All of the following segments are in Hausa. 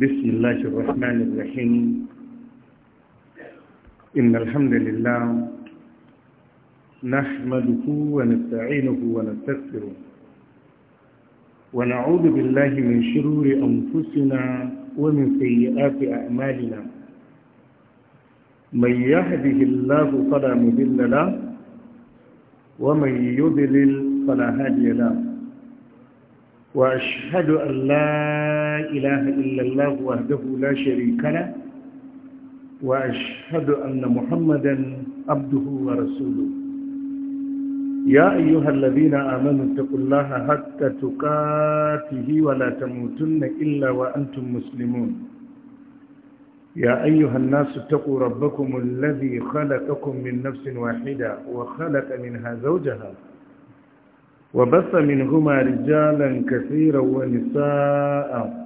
بسم الله الرحمن الرحيم إن الحمد لله نحمده ونستعينه ونستغفره ونعوذ بالله من شرور أنفسنا ومن سيئات أعمالنا من يهده الله فلا مضل له ومن يضلل فلا هادي له وأشهد أن لا إله إلا الله وحده لا شريك له وأشهد أن محمدا عبده ورسوله يا أيها الذين آمنوا اتقوا الله حتى تقاته ولا تموتن إلا وأنتم مسلمون يا أيها الناس اتقوا ربكم الذي خلقكم من نفس واحدة وخلق منها زوجها وبث منهما رجالا كثيرا ونساء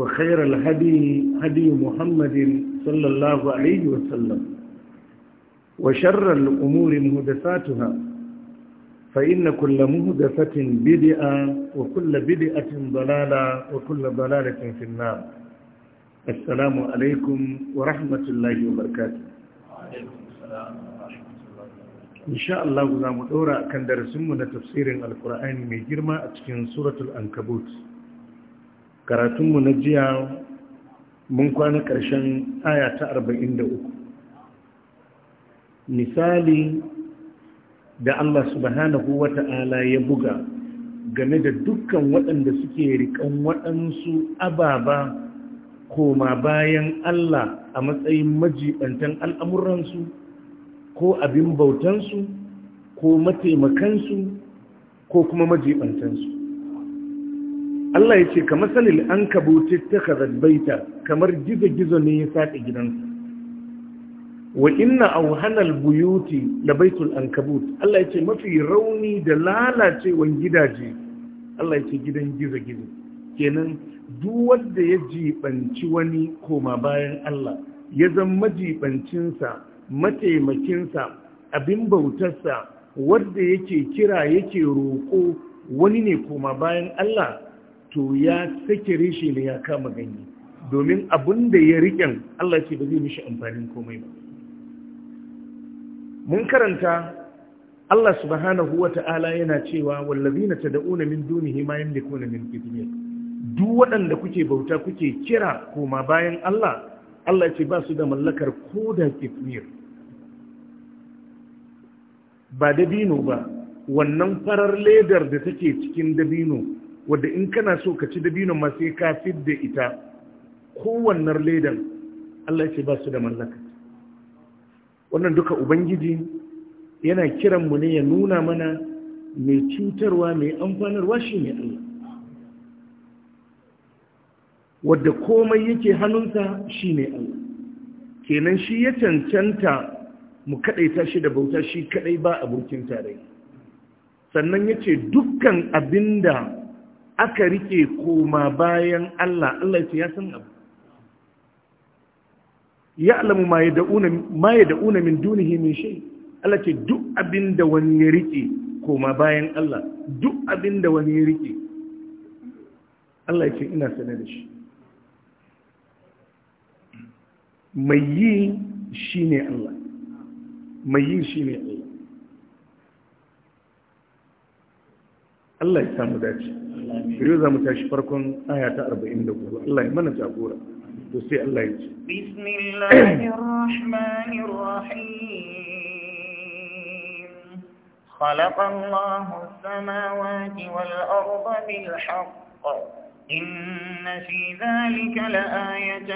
وخير الهدي هدي محمد صلى الله عليه وسلم وشر الأمور مهدفاتها فإن كل مهدفة بدئة وكل بدئة ضلالة وكل ضلالة في النار السلام عليكم ورحمة الله وبركاته وعليكم السلام ورحمة الله وبركاته إن شاء الله نعم دورا كان درسمنا تفسير القرآن من جرمى أتكين سورة الأنكبوت karatunmu na jiya mun kwana ƙarshen aya ta 43 misali da Allah subhanahu wata'ala ya buga game da dukkan waɗanda suke riƙon waɗansu ababa koma bayan Allah a matsayin majiɓantan al'amuransu ko abin bautansu ko mataimakansu ko kuma majiɓantansu. Allah ya ce ka salil an kabuci ta baita, kamar gizo-gizo ne ya saƙi gidansa wa inna auhanal buyuti da baitul Allah ya ce mafi rauni da lalacewan gidaje Allah ya ce gidan gizo-gizo kenan duk wanda ya jibanci wani koma bayan Allah ya zama majibancinsa mataimakinsa abin bautarsa wanda yake kira yake roƙo wani ne koma bayan Allah to ya sake reshe ne ya kama ganye domin abin da ya riƙen Allah ce ba zai mishi amfanin komai ba mun karanta Allah subhanahu wa ta'ala yana cewa wallazina tad'una min dunihi ma yamlikuna min qitmir duk waɗanda kuke bauta kuke kira koma bayan Allah Allah ce ba su da mallakar koda qitmir ba dabino ba wannan farar ledar da take cikin dabino wadda in kana so ka ci dabinon ma sai ka fid da ita kowannar ledan Allah ce ba su da mallaka wannan duka ubangiji yana kiran mu ne ya nuna mana mai cutarwa mai amfanarwa shi ne Allah wadda komai yake hannunsa shi ne Allah kenan shi ya cancanta mu kadaita shi da bauta shi kadai ba abokin tarayya sannan ya ce dukkan abinda aka rike koma bayan Allah Allah ya san abu ya alamu ma ya da'una min dunihi min shi Allah ce duk abin da wani rike koma bayan Allah duk abin da wani rike Allah ce ina sane da shi mai yi shi ne Allah mai yi shi ne Allah Allah ya samu dace yau za mu tashi farkon aya ta 44 Allah ya mana jagora to sai Allah ya ce bismillahir rahmanir rahim خلق الله السماوات والأرض بالحق إن في ذلك لآية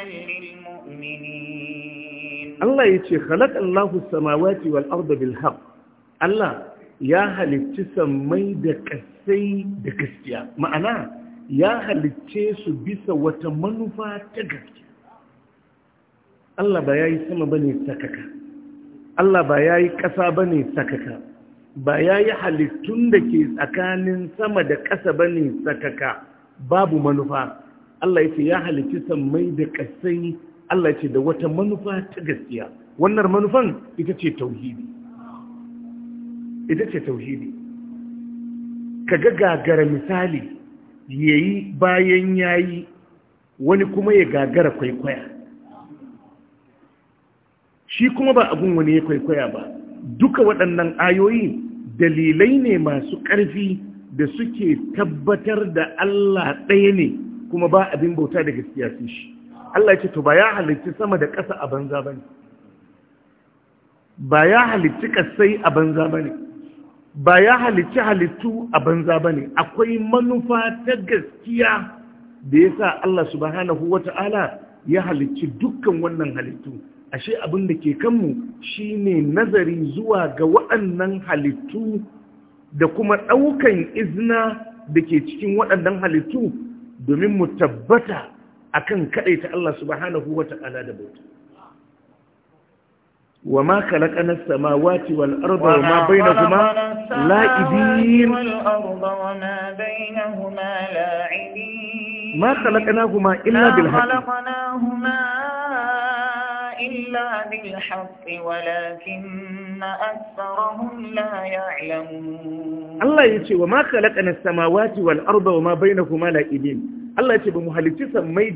ya halicci sammai da kasai da gaskiya ma'ana ya halicce su bisa wata manufa ta gaskiya Allah ba ya yi sama ba ne sakaka Allah ba ya yi ƙasa ba ne sakaka ba ya yi halittun da ke tsakanin sama da ƙasa ba ne sakaka babu manufa Allah ya ce ya halicci sammai da kasai Allah ce da wata manufa ta gaskiya wannan manufan ita ce tauhidi ita ce tauhidi ka ga gagara misali yi bayan ya yi wani kuma ya gagara kwaikwaya shi kuma ba abin wani ya kwaikwaya ba duka waɗannan ayoyi dalilai ne masu ƙarfi da suke tabbatar da Allah ɗaya ne kuma ba abin bauta daga gaskiya shi Allah ce to ba ya halicci sama da ƙasa a banza ne? ba ya halicci ƙasai a banza ba ne. ba ya halicci halittu a banza ba ne akwai manufa ta gaskiya da ya sa Allah subhanahu wa ta'ala ya halicci dukkan wannan halittu ashe abin da ke kanmu shine nazari zuwa ga waɗannan halittu da kuma ɗaukan izina da ke cikin waɗannan halittu domin mu tabbata akan kaɗaita Allah subhanahu wa ta'ala da bauta وما خلقنا السماوات والأرض وما بينهما لاعبين ما خلقناهما إلا بالحق ما خلقناهما إلا بالحق ولكن أكثرهم لا يعلمون الله يتي وما خلقنا السماوات والأرض وما بينهما لاعبين الله ce ba mu السيد sammai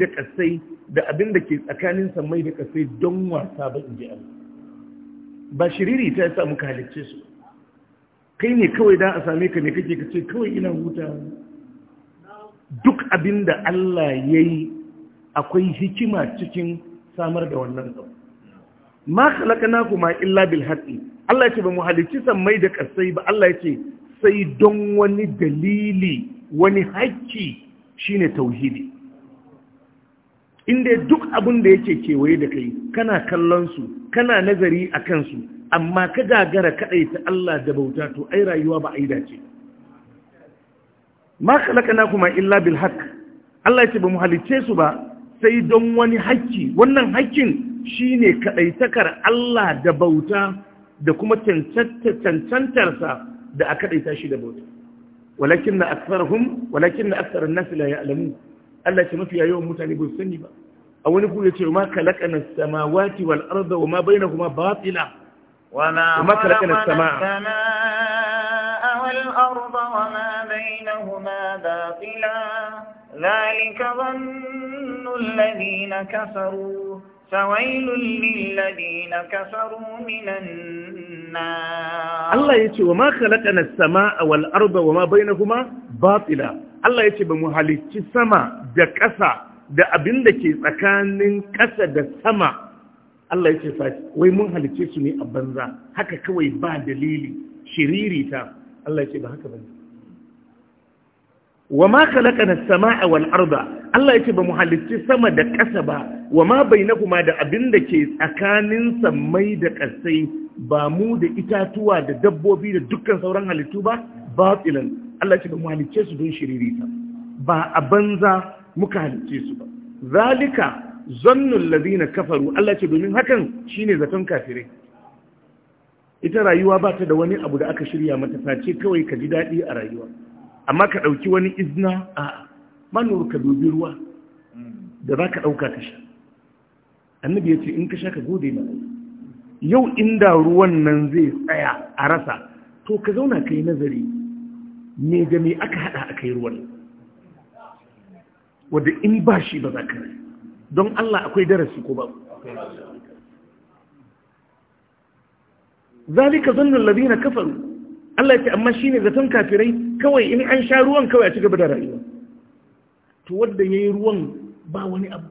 da أكان سميدك السيد da سابق جاء ba shiriri ta yasa muka halicce su kai ne kawai don a same ka ne kake kace kawai ina huta duk abin da Allah ya yi akwai hikima cikin samar da wannan zau ma na kuma illa bil haɗi Allah ya ce ba mu halicci sammai da ƙasai ba Allah ya ce sai don wani dalili wani haƙƙi shine tauhidi inda duk abin da yake kewaye da kai kana kallon su kana nazari a kansu amma ka gagara kaɗaita ta Allah da bauta to ai rayuwa ba a yi dace ma kalakana kuma illa bil haqq Allah ya ba mu halicce su ba sai don wani hakki wannan hakkin shine kaɗaitakar Allah da bauta da kuma cancantarsa da a daita shi da bauta walakinna na walakinna na la ya'lamun Allah ce mafiya yawan mutane bai sani ba a wani ku ya ce ma kalakana samawati wal arda wa ma bainahuma batila wa ma kalakana samaa wal arda wa ma bainahuma batila ذلك ظن الذين كفروا فويل للذين كفروا من النار Allah ya ce wa ma khalaqana as-samaa wal arda wa ma bainahuma batila Allah ya ce ba mu halicci sama da ƙasa da abin da ke tsakanin ƙasa da sama Allah ya ce wai mun halicce su ne a banza haka kawai ba dalili ta. Allah ya ce ba haka banza. wa ma khalaqana as-samaa wal arda Allah yace ba mu halicci sama da ƙasa ba wa ma bainahuma da abin da ke tsakanin samai da ƙasai ba mu da itatuwa da dabbobi da dukkan sauran halittu ba batilan Allah yace ba mu halicce su don shiririta ba a banza muka halicce su ba zalika zannul ladina kafaru Allah ce domin hakan shine zaton kafirai ita rayuwa ba ta da wani abu da aka shirya mata face kawai ka ji daɗi a rayuwa amma ka ɗauki wani izina? a manuwar ka dubi ruwa da za ka ɗauka ka sha annabi ya ce in ka sha ka gode ma yau inda ruwan nan zai tsaya a rasa to ka zauna ka yi nazari me ga me aka haɗa aka yi ruwan wadda in ba shi ba za ka rai don Allah akwai darasi ko ba zalika zannin labina kafaru Allah ya ce amma shine zaton kafirai kawai in an sha ruwan kawai a ci gaba da rayuwa to wanda ya yi ruwan ba wani abu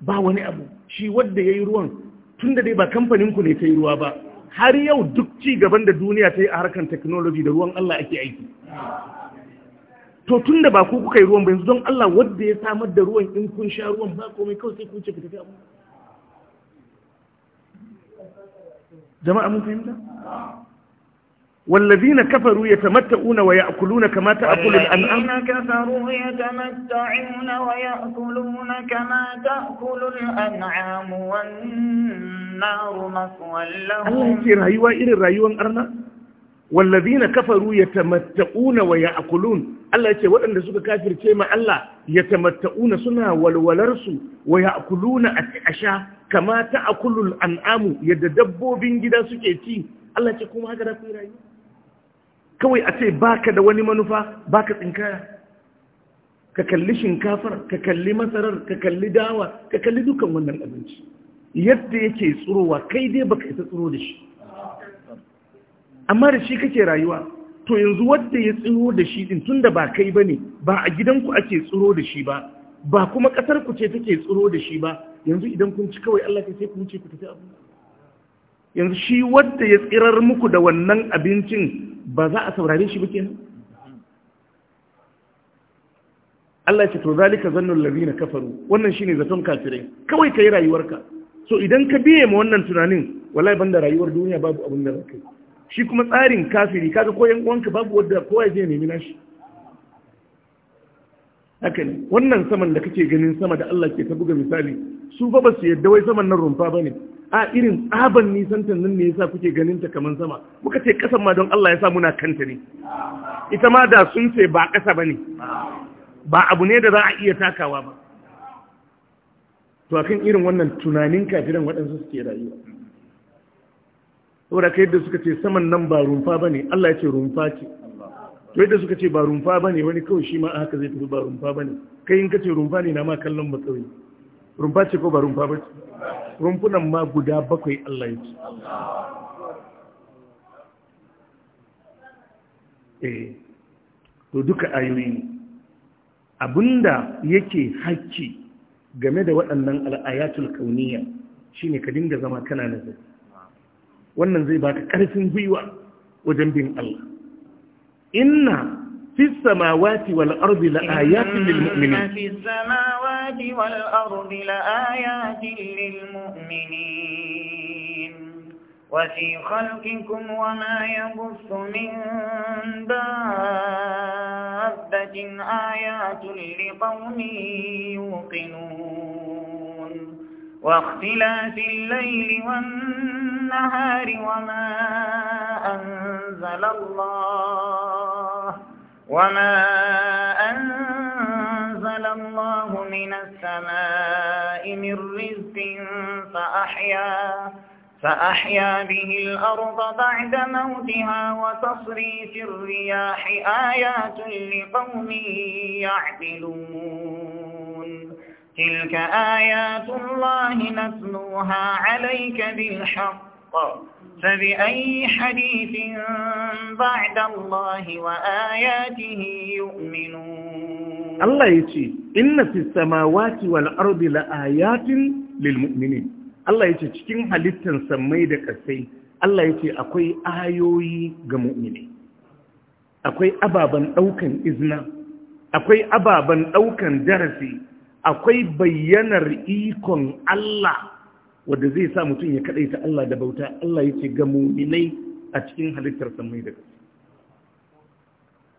ba wani abu shi wanda ya yi ruwan tun da dai ba kamfaninku ne ta yi ruwa ba har yau duk ci gaban da duniya ta yi a harkar technology da ruwan Allah ake aiki to tun da ba ku kuka yi ruwan ba yanzu don Allah wanda ya samar da ruwan in kun sha ruwan ba komai kawai sai kun ce ku tafi abu jama'a mun fahimta والذين كفروا يتمتعون ويأكلون كما تأكل الأنعام والذين كفروا يتمتعون ويأكلون كما تأكل الأنعام والنار مثوى لهم الله يكي رأيوا إلي رأيوا أرنا والذين كفروا يتمتعون ويأكلون الله يكي وأن سوك كافر كيما الله يتمتعون سنة والولرسو ويأكلون أتعشا كما تأكل الأنعام يددبوا بين جدا سكيتي Allah ce kuma haka da ku rayu kawai a ce baka da wani manufa baka tsinkaya ka kalli shinkafar ka kalli masarar ka kalli dawa ka kalli dukan wannan abinci yadda yake tsurowa kai dai baka isa tsuro da shi amma da shi kake rayuwa to yanzu wadda ya tsuro da shi din tunda ba kai ba ne, ba a gidanku ake tsiro da shi ba ba kuma kasar ku ce take tsiro da shi ba yanzu idan kun ci kawai Allah ka sai kun ce ku tafi abu yanzu shi wadda ya tsirar muku da wannan abincin ba za a saurare shi buke Allah ce to zalika zannul ladina kafaru wannan shine zaton kafirai kawai kai rayuwarka so idan ka biye ma wannan tunanin wallahi banda rayuwar duniya babu abin da zaka shi kuma tsarin kafiri kaga koyan yan uwanka babu wanda kowa zai nemi nashi haka ne wannan saman da kake ganin sama da Allah ke ta buga misali su fa ba su yadda wai saman nan rumfa bane a irin tsaban nisantar nan ne yasa kuke ganin ta kaman sama muka ce kasan ma don Allah ya sa muna kanta ne ita ma da sun ce ba kasa ne. ba abu ne da za a iya takawa ba to akan irin wannan tunanin kafiran waɗansu suke rayuwa saboda kai yadda suka ce saman nan ba rumfa ba ne? Allah ya ce rumfa ce to yadda suka ce ba rumfa ba ne wani kawai shi ma haka zai tafi ba rumfa bane kai in ka ce rumfa ne na ma kallon ba kawai rumfa ce ko ba rumfa ba ce rumfunan ma guda bakwai Allah ya ce eh to duka ayoyi ne abinda yake hakki game da waɗannan al'ayatul kauniya shine ka dinga zama kana nazari wannan zai baka ƙarfin gwiwa wajen bin Allah inna في السماوات والأرض لآيات للمؤمنين في السماوات والأرض لآيات للمؤمنين وفي خلقكم وما يبث من دابة آيات لقوم يوقنون واختلاف الليل والنهار وما أنزل الله وما أنزل الله من السماء من رزق فأحيا فأحيا به الأرض بعد موتها وتصريف الرياح آيات لقوم يعقلون تلك آيات الله نتلوها عليك بالحق فبأي حديث بعد الله وآياته يؤمنون الله يتي إن في السماوات والأرض لآيات للمؤمنين الله يتي cikin halittan sammai da kasai Allah yace akwai ayoyi ga mu'mini akwai ababan ɗaukan izna akwai ababen ɗaukan darasi akwai bayyanar ikon Allah wadda zai sa mutum ya kaɗai ta Allah da bauta Allah ya ce ga muminai a cikin halittar samai da ƙasa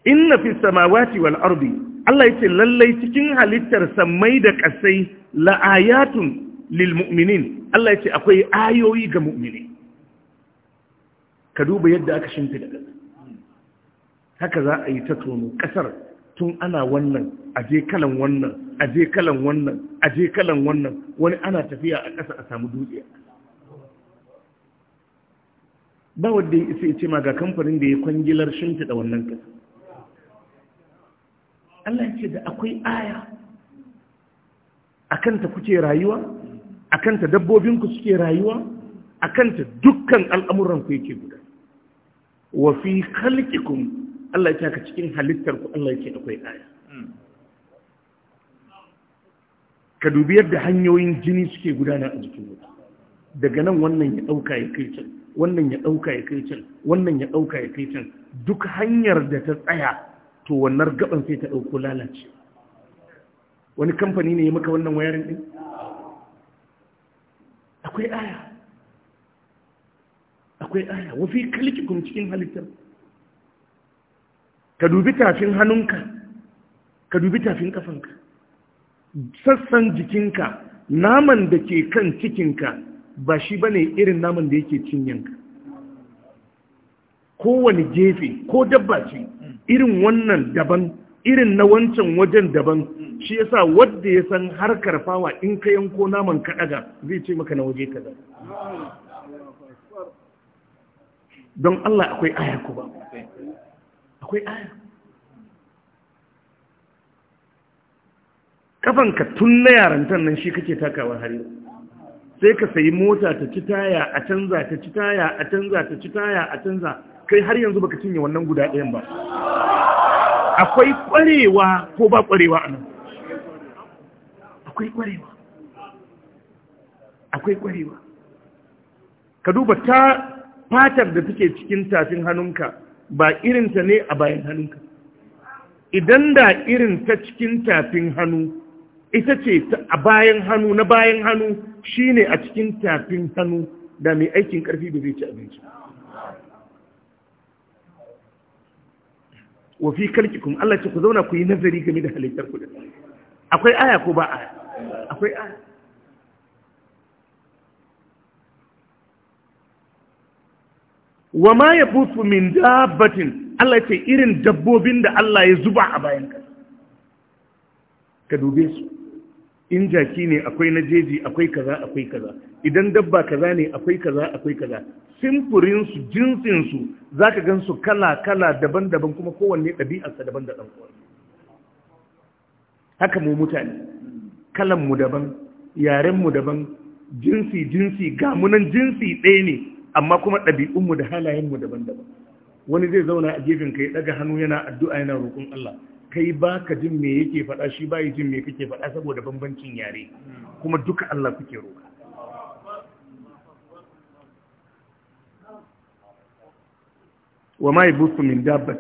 inna fi samawati wal ardi Allah ya ce lallai cikin halittar samai da ƙasai la'ayatun lil mu'minin Allah ya ce akwai ayoyi ga mu'mini ka duba yadda aka shimfi da ƙasa haka za a yi ta tono ƙasar tun ana wannan aje kalan wannan aje kalan wannan aje kalan wannan wani ana tafiya a ƙasa a samu dutse ba wadda ya isa ce ma ga kamfanin da ya kwangilar da wannan ƙasa Allah ce da akwai aya a kanta kuke rayuwa a kanta dabbobinku suke rayuwa a kanta dukkan al'amuranku yake guda wa fi halkikum Allah ya ka cikin halittar ku Allah ya ce akwai aya hmm. ka dubi yadda hanyoyin jini suke gudana a jikin mutum daga nan wannan ya ɗauka ya kai can wannan ya ɗauka ya kai can wannan ya ɗauka ya kai can duk hanyar da ta tsaya to wannan gaban sai ta ɗauko lalace wani kamfani ne ya maka wannan wayarin ɗin akwai aya akwai aya wafi kalikikun cikin halittar ka dubi tafin hannunka ka dubi tafin kafanka sassan jikinka naman da ke kan cikinka ba shi ba ne irin naman da yake cinyanka kowane gefe ko dabba ce irin wannan daban irin na wancan wajen daban shi yasa wadda ya san harkar fawa in ka yanko naman ka daga zai ce maka na waje kaza don Allah akwai ayyaku ba akwai aya kafanka tun na yarantar nan shi kake takawa har yau sai ka sayi mota ta ci taya a canza ta ci taya a canza ta ci taya a canza kai har yanzu baka cinye wannan guda ɗayan ba akwai kwarewa ko ba kwarewa a nan akwai kwarewa akwai kwarewa ka duba ta fatar da take cikin tafin hannunka ba irinta ne a bayan hannunka idan da irin ta cikin tafin hannu ita ce a bayan hannu na bayan hannu shine a cikin tafin hannu da mai aikin karfi da zai ci abinci wafi kuma, Allah ce ku zauna ku yi nazari game da halittar ku da akwai aya ko ba aya akwai aya wa ma ya fusu min dabbatin Allah ce irin dabbobin da Allah ya zuba a bayan ka ka dube su in jaki ne akwai na jeji akwai kaza akwai kaza idan dabba kaza ne akwai kaza akwai kaza simfurin su jinsin su zaka gan su kala kala daban-daban kuma kowanne ɗabi'arsa daban da ɗan haka mu mutane kalan mu daban yaren mu daban jinsi jinsi ga munan jinsi ɗaya ne amma kuma ɗabi'unmu da halayenmu daban-daban wani zai zauna a gefen kai daga hannu yana addu'a yana roƙon Allah kai ba ka jin me yake faɗa shi ba jin me kake faɗa saboda bambancin yare kuma duka Allah kuke roƙa wa ma yabuthu min dabbat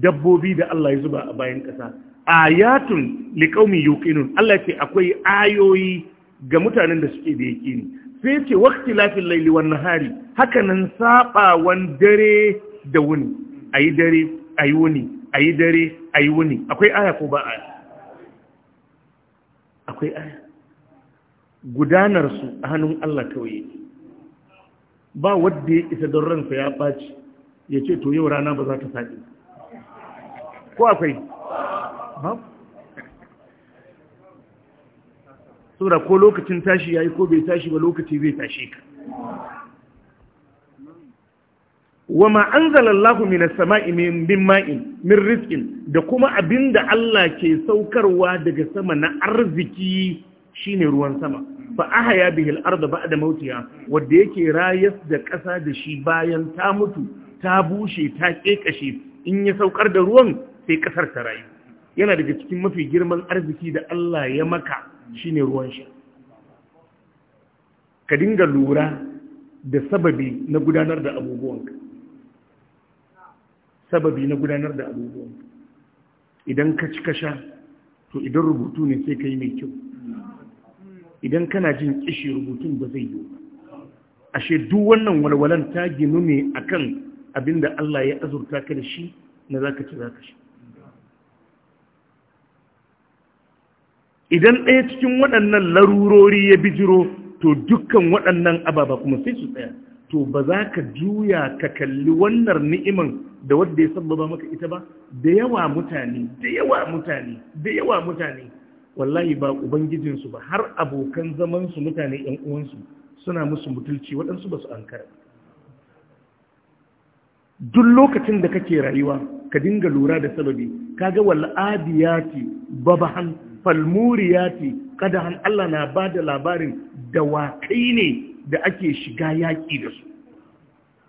dabbobi da Allah ya zuba a bayan ƙasa ayatun liqaumin yuqinun Allah ce akwai ayoyi ga mutanen da suke da yaqini sai ce wakti lafin laili wannan hari hakanan saɓawan dare da wuni a yi dare a yi wuni a yi dare a yi wuni akwai aya ko ba aya akwai aya gudanarsu a hannun Allah kawai ba wadda ya isa don ransa ya ɓaci ya ce to yau rana ba za ta sa'i ko akwai ba saboda ko lokacin tashi yayi ko bai tashi ba lokaci zai tashi ka wama anzalallahu minas sama'i min ma'in min rizqin da kuma abinda Allah ke saukarwa daga sama na arziki shine ruwan sama fa ahya bihi al-ardh ba'da mautiha wanda yake rayas da ƙasa da shi bayan ta mutu ta bushe ta ƙeƙashe, in ya saukar da ruwan sai ƙasar ta rayu yana daga cikin mafi girman arziki da Allah ya maka Shi ne ruwan sha ka dinga lura da sababi na gudanar da abubuwanka sababi na gudanar da abubuwanka idan ka ci ka sha to idan rubutu ne sai ka yi mai kyau idan kana jin kishi rubutun ba zai yi ashe duk wannan walwalan ta ginu ne akan da Allah ya azurta ka da shi na ka ci ka shi idan ɗaya cikin waɗannan larurori ya bijiro to dukkan waɗannan ababa kuma sai su tsaya to ba za ka juya ka kalli wannan ni'iman da wadda ya sabbaba maka ita ba da yawa mutane da yawa mutane da yawa mutane wallahi ba ubangijinsu ba har abokan zamansu mutane yan uwansu suna musu mutulci waɗansu ba su an duk lokacin da kake rayuwa ka dinga lura da sababi kaga wal'adiyati babahan falmuriyati han Allah na ba da labarin dawakai ne da ake shiga yaƙi da su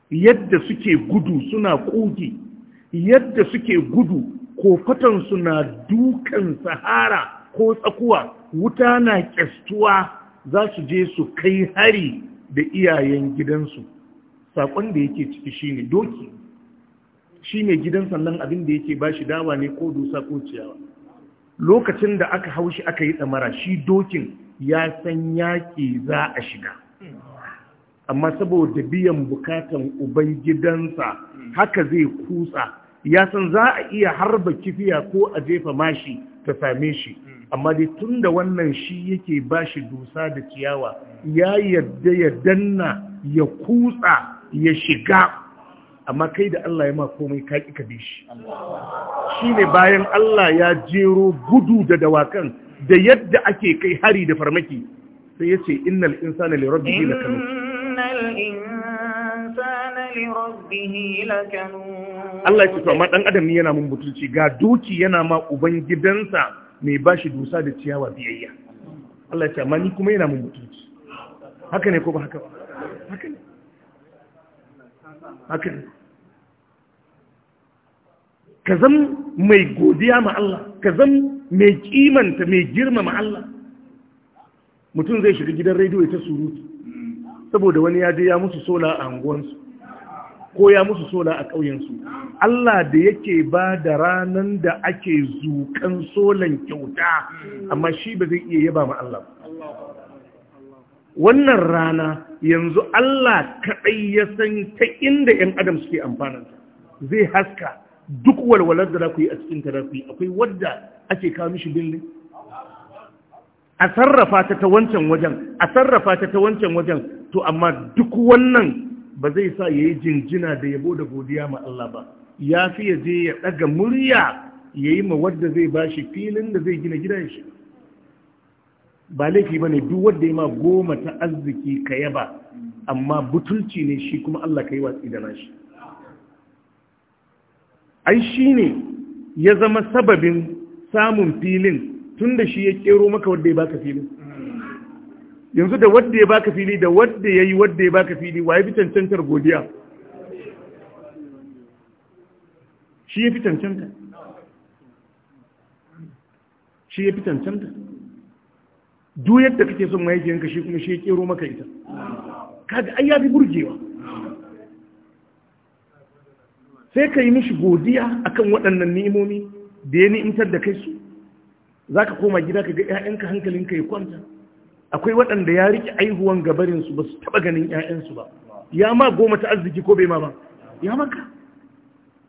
yadda suke gudu suna ƙugi yadda suke gudu ko fatan na dukan sahara ko tsakuwa wuta na ƙyastuwa za su je su kai hari da iyayen gidansu saƙon da yake ciki shine doki shine gidan sannan abin da yake bashi dawa ne ko dusa ko ciyawa lokacin da aka haushi aka yi tsamara shi dokin ya san yaƙi za a shiga amma saboda biyan bukatan ubangidansa haka zai kutsa ya san za a iya harba kifiya ko a jefa mashi ta same shi amma dai tun da wannan shi yake ba shi dusa da ciyawa ya yadda ya danna ya kutsa ya shiga amma kai da Allah ya ma komai ka ki ka bi shi ne bayan Allah ya jero gudu da dawakan da yadda ake kai hari da farmaki sai ya ce, innal insana li rabbihi lakanu Allah ya ce to amma dan adam ne yana mun butulci ga doki yana ma ubangidansa mai bashi dusa da ciyawa biyayya Allah ya ce amma ni kuma yana mun butulci haka ne ko ba haka ba haka ne haka ne ka zan mai godiya ma Allah ka zan mai kimanta mai girma ma Allah mutum zai shiga gidan rediyo ta surutu saboda wani ya je ya musu sola a anguwansu ko ya musu sola a ƙauyensu Allah da yake ba da ranar da ake zukan solan kyauta amma shi ba zai iya yaba ma Allah wannan rana yanzu Allah kaɗai ya san ta inda ‘yan adam suke amfananta zai haska duk walwalar da za ku yi a cikin tarafi akwai wadda ake kawo mishi billin a sarrafa ta ta wancan wajen a sarrafa ta ta wancan wajen to amma duk wannan ba zai sa ya yi jinjina da yabo da godiya ma Allah ba ya fi ya je ya ɗaga murya ya yi ma wadda zai ba shi filin da zai gina gidan shi ba laifi ba ne duk wadda ya ma goma ta arziki ka yaba amma butulci ne shi kuma Allah ka yi watsi da nashi ai shi ne ya zama sababin samun filin tun da shi ya kero maka wadda ya baka filin yanzu da wadda ya baka fili da wadda ya yi wadda ya baka fili wa ya fi cancantar godiya shi ya fi cancanta shi ya fi cancanta duk yadda kake son mahaifiyanka shi kuma shi ya kero maka ita kaga ai ya fi burgewa sai ka yi mishi godiya akan waɗannan ni'imomi da ya ni'imtar da kai su za ka koma gida ka ga 'ya'yanka hankalinka ya kwanta akwai waɗanda ya riƙe aihuwan gabarinsu ba su taɓa ganin 'ya'yansu ba ya ma goma ta arziki ko bai ma ba ya maka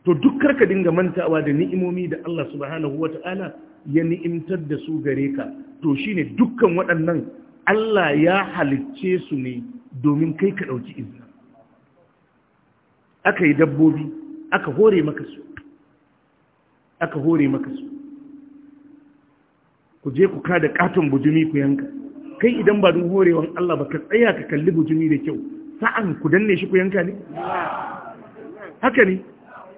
to duk karka dinga mantawa da ni'imomi da Allah subhanahu wa ta'ala ya ni'imtar da su gare ka to shine dukkan waɗannan Allah ya halicce su ne domin kai ka ɗauki izina aka yi dabbobi aka hore maka su aka hore maka su ku je ku kada katon bujumi ku yanka kai idan ba don horewan Allah ba ka tsaya ka kalli bujumi da kyau sa'an ku danne shi ku yanka ne haka ne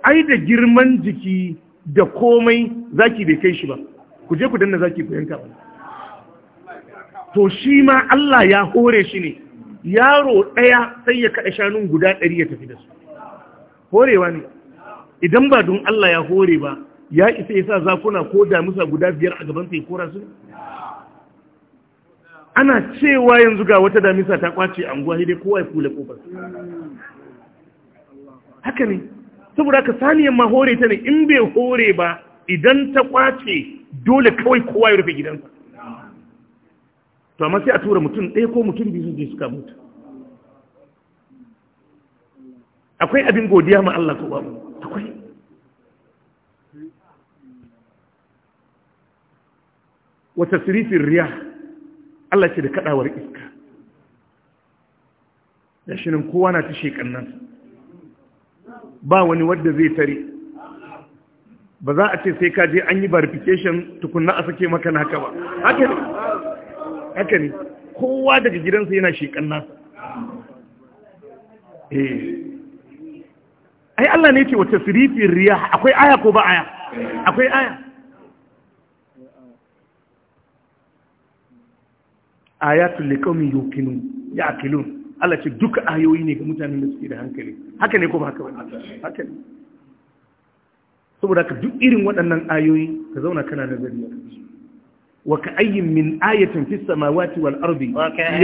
ai da girman jiki da komai zaki bai kai shi ba ku je ku danna zaki ku yanka ba to shi ma Allah ya hore shi ne yaro ɗaya sai ya kaɗa shanun guda ɗari ya tafi da su horewa ne idan ba don Allah ya hore ba ya isa yasa zakuna ko damisa guda biyar a gaban sai kora su ana cewa yanzu ga wata damisa ta kwace anguwa hidai kowa ya kula kofar haka ne saboda ka saniyan ma hore ta ne in bai hore ba idan ta kwace dole kawai kowa ya rufe gidansa to amma sai a tura mutum ɗaya ko mutum biyu je suka mutu akwai abin godiya ma Allah ko babu wa sirifin riya Allah ce da kadawar iska da shi nan kowa na ta kannan ba wani wadda zai tare ba za a ce sai ka je an yi verification tukunna a sake maka naka ba haka ne haka ne kowa daga gidansa yana shekan nasa eh ai Allah ne ce wa sirifin riya akwai aya ko ba aya akwai aya ayatul liqaumin yuqinun ya'qilun Allah ce duka ayoyi ne ga mutanen da suke da hankali haka ne ko ba haka ba haka ne saboda ka duk irin waɗannan ayoyi ka zauna kana nazari a kansu waka ayyin min ayatin fi samawati wal ardi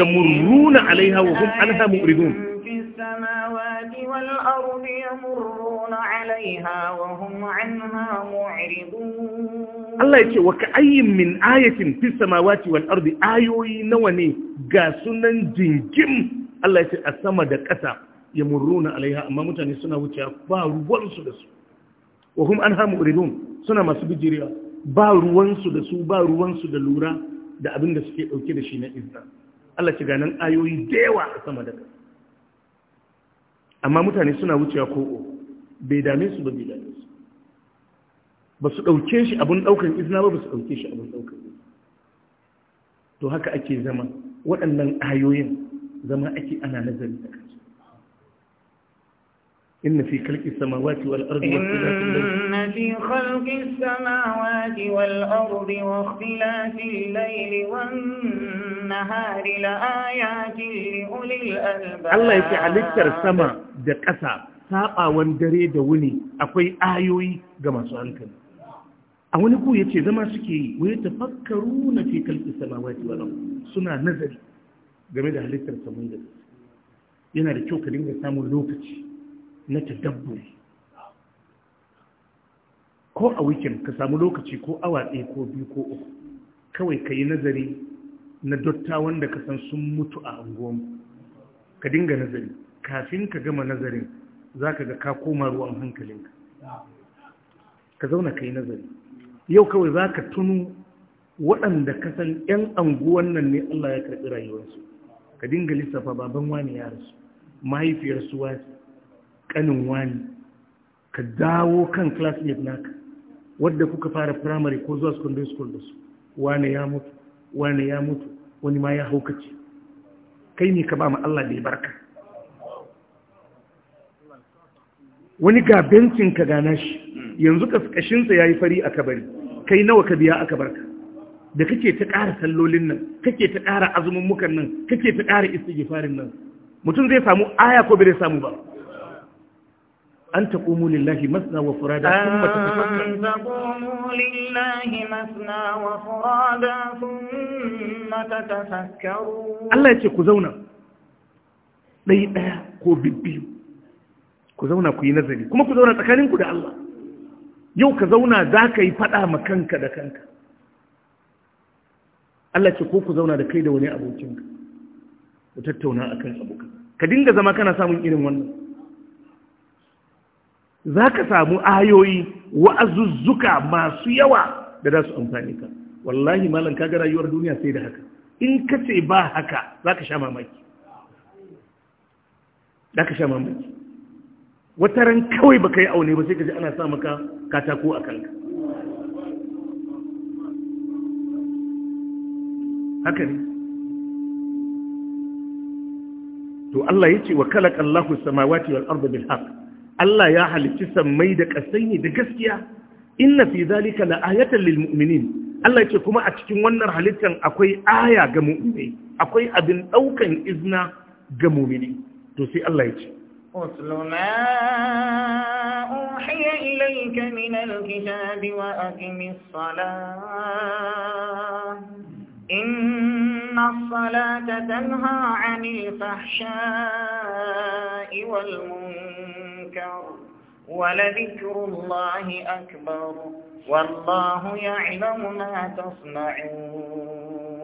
yamurruna alaiha wa hum anha mu'ridun Allah yake waka ayyin min ayatin fi samawati wal ardi ayoyi nawa ne ga sunan jinjin Allah yake a sama da ƙasa yamurruna alaiha amma mutane suna wuce ba ruwan su da su wa hum anha suna masu bijiriya ba ruwansu da su ba ruwansu da lura da abin da suke ɗauke da shi na izza Allah ci ganin ayoyi da yawa a sama da ƙasa amma mutane suna wucewa ko bai dame su ba bai dame su ba su ɗauke shi abin ɗaukan izina ba ba su ɗauke shi abin ɗaukan to haka ake zama waɗannan ayoyin zama ake ana nazari da إن في خلق السماوات والأرض واختلاف الليل إن في خلق السماوات والأرض واختلاف الليل والنهار لآيات لأولي الألباب الله يتعلق السماء دكسا ساقا وندري دوني أقوي آيوي كما سؤالك a wani ku ya ce zama suke yi wai tafakkaru na fi kalfi samawati wa suna nazari game da halittar samun da yana da kyau ka dinga samun lokaci na tadabburi ko a wikin ka samu lokaci ko awa ɗaya ko biyu ko uku kawai ka yi nazari na dotta wanda ka san sun mutu a unguwan ka dinga nazari kafin ka gama nazarin za ka ga ka koma ruwan hankalinka ka zauna ka yi nazari yau kawai za ka tunu waɗanda ka san 'yan anguwan nan ne Allah ya karɓi rayuwarsu ka dinga lissafa baban wani ya rasu mahaifiyarsu wasu kanin wani ka dawo kan classmate naka wadda kuka fara primary ko zuwa secondary school da su wane ya mutu wani ya mutu wani ma ya haukace kai ne ka ba ma Allah da ya barka wani ga bencin ka gana shi yanzu kashinsa ya yi fari a kabari kai nawa ka biya aka barka da kake ta ƙara sallolin nan kake ta ƙara azumin mukan nan kake ta ƙara istighfarin nan mutum zai samu aya ko bai samu ba أن تقوموا لله مثنى وفرادا ثم تتفكروا أن تقوموا لله مثنى وفرادا ثم تتفكروا الله zauna كزونا لي nazari, كو ku كزونا tsakaninku da كما كزونا ka zauna الله يو كزونا ذاك ma مكانك da kanka. Allah ce ko ku zauna da kai da wani abokinka ku tattauna akan abokan ka dinga zama kana samun irin wannan za ka samu ayoyi wa'azuzzuka masu yawa da za su amfani ka wallahi malam kaga rayuwar duniya sai da haka in ka ce ba haka za ka sha mamaki za ka sha mamaki wata kawai ba ka yi aune ba sai ka ji ana sa maka katako a kanka haka ne to Allah ya ce wa kalaka Allahu samawati wal bil haqq Allah ya halicci sammai da ƙasai ne da gaskiya inna fi zalika la ayatan Allah yake kuma a cikin wannan halittan akwai aya ga mu'mini akwai abin daukan izna ga mu'mini to sai Allah yake أتل ما أوحي إليك من الكتاب وأقم الصلاة إن الصلاة تنهى عن الفحشاء والمنكر المنكر ولذكر الله أكبر والله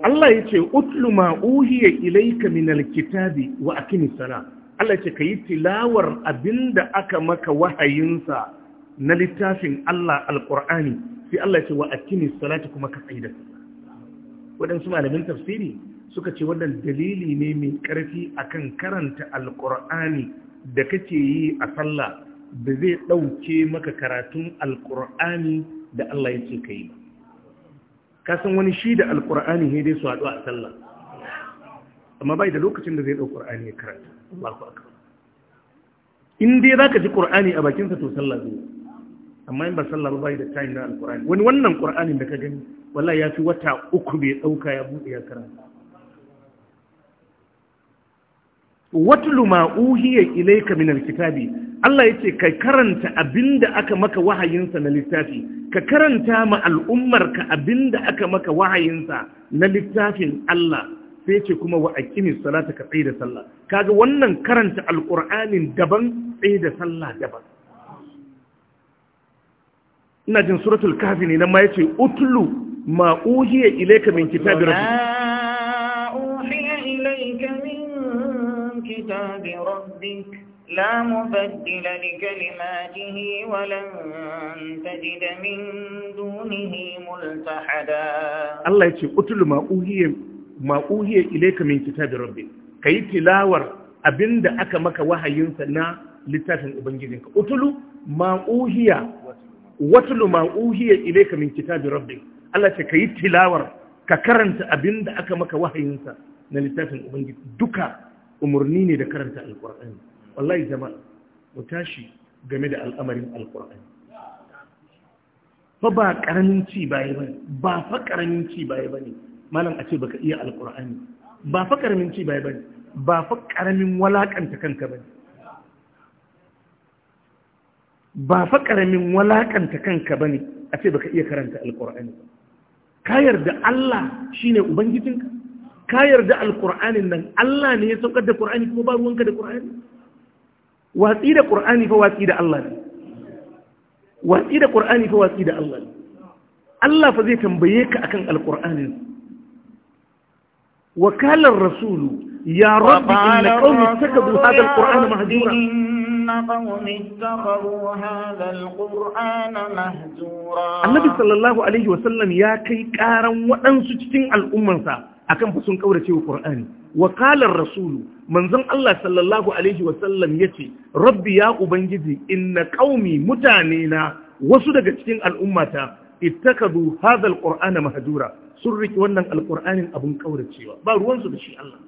Allah ya ce, Utlu ma uhiye ilaika minal kitabi wa akini sana, Allah ya ce, Ka yi tilawar abinda aka maka wahayinsa na littafin Allah al-Qur'ani, sai Allah ya ce, Wa akini kuma ka tsaye Waɗansu malamin tafsiri, suka ce wannan dalili ne mai ƙarfi akan karanta alƙur'ani da kake yi a sallah da zai ɗauke maka karatun alƙur'ani da Allah ya ce ka yi ka san wani shi da alƙur'ani ne dai su haɗu a sallah amma bai da lokacin da zai ɗau ƙur'ani ya karanta Allahu akbar in dai za ka ji ƙur'ani a bakinsa to sallah zai amma in ba sallah ba bai da time na alƙur'ani wani wannan ƙur'anin da ka gani wallahi ya fi wata uku bai ɗauka ya buɗe ya karanta watlu ma uhiya ilayka min alkitabi Allah yace ka karanta abinda aka maka wahayinsa na littafi ka karanta ma ka abinda aka maka wahayinsa na littafin Allah sai ce kuma wa aqimi salata ka qida sallah kaga wannan karanta alqur'anin daban qida sallah daban ina jin suratul kahfi ne nan ma yace utlu ma uhiya ilayka min kitabi rabbika لا مبدل لكلماته ولن تجد من دونه ملتحدا الله يتي قتل ما أوهي ما أوهي إليك من كتاب ربك كي تلاور abinda aka maka wahayinsa na littafin ubangijinka utulu ma uhiya watulu ma uhiya ilayka min kitabi rabbik Allah ce kayi tilawar ka karanta abinda aka maka wahayinsa na littafin ubangiji duka umurni ne da karanta alqur'ani wallahi jama'a mu tashi game da al'amarin alkur'ani fa ba karamin ci baye bane ba fa karamin ci baya bane malam a ce baka iya alkur'ani ba fa karamin ci baya bane ba fa karamin walakanta kanka bane ba fa karamin walakanta kanka bane a ce baka iya karanta alkur'ani ka yarda Allah shine ubangijinka ka yarda alkur'anin nan Allah ne ya saukar da qur'ani kuma ba ruwanka da qur'ani watsi da ƙur'ani fa watsi da Allah ne watsi da ƙur'ani fa watsi da Allah ne Allah fa zai tambaye ka akan alƙur'anin wakalar rasulu ya rabbi inna qaumi ittakhadhu hadha alqur'ana mahjura inna qaumi ittakhadhu hadha alqur'ana mahjura Annabi sallallahu alaihi wasallam ya kai karan waɗansu cikin al'ummarsa akan fa sun kaurace wa Qur'ani wa qala ar-rasul manzon Allah sallallahu alaihi wa sallam yace rabbi ya ubangiji inna qaumi mutane na wasu daga cikin al'ummata ittakadu hadha al-qur'ana mahjura sun riki wannan al-qur'anin abun kauracewa ba ruwan su da shi Allah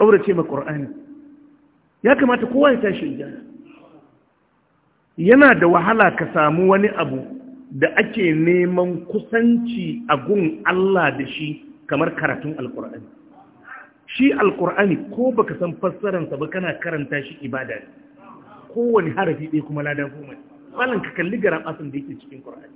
kaurace ma qur'ani ya kamata kowa ya tashi yana da wahala ka samu wani abu da ake neman kusanci a gun Allah da shi kamar karatun alkur'ani shi alkur'ani ko baka san fassararsa ba kana karanta shi ibada ne kowane harafi ɗaya kuma lada goma ne ka kalli garan asin da yake cikin qur'ani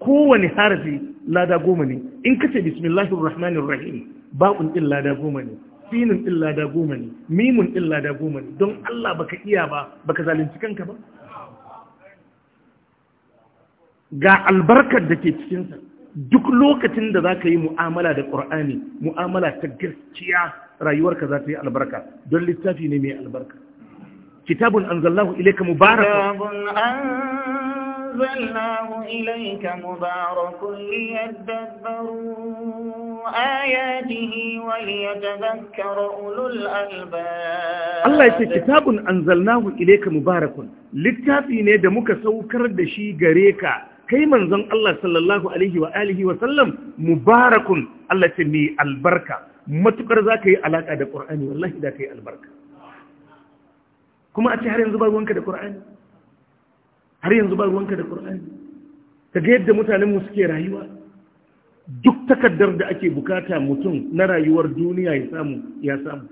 kowane harafi lada goma ne in kace bismillahir rahmanir rahim ba'un din lada goma ne sinin din lada goma ne mimun din lada goma ne don Allah baka iya ba baka zalunci kanka ba ga albarkar da ke cikinsa duk lokacin da za ka yi mu'amala da ƙur'ani mu'amala ta gaskiya rayuwarka za ta yi albarka don littafi ne mai albarka kitabun an zallahu ilaika mubarak أنزلناه إليك مبارك ليدبروا آياته وليتذكر أولو الألباب الله يسي littafi ne da muka saukar da shi gare ka kai manzon Allah sallallahu alaihi wa alihi wa sallam mubarakun Allah ce mai albarka matukar za ka yi alaka da ƙur'ani wallahi da ka yi albarka kuma a ce har yanzu ba ruwanka da ƙur'ani har yanzu ba ruwanka da ƙur'ani ka ga yadda mutanenmu suke rayuwa duk takardar da ake bukata mutum na rayuwar duniya ya samu ya samu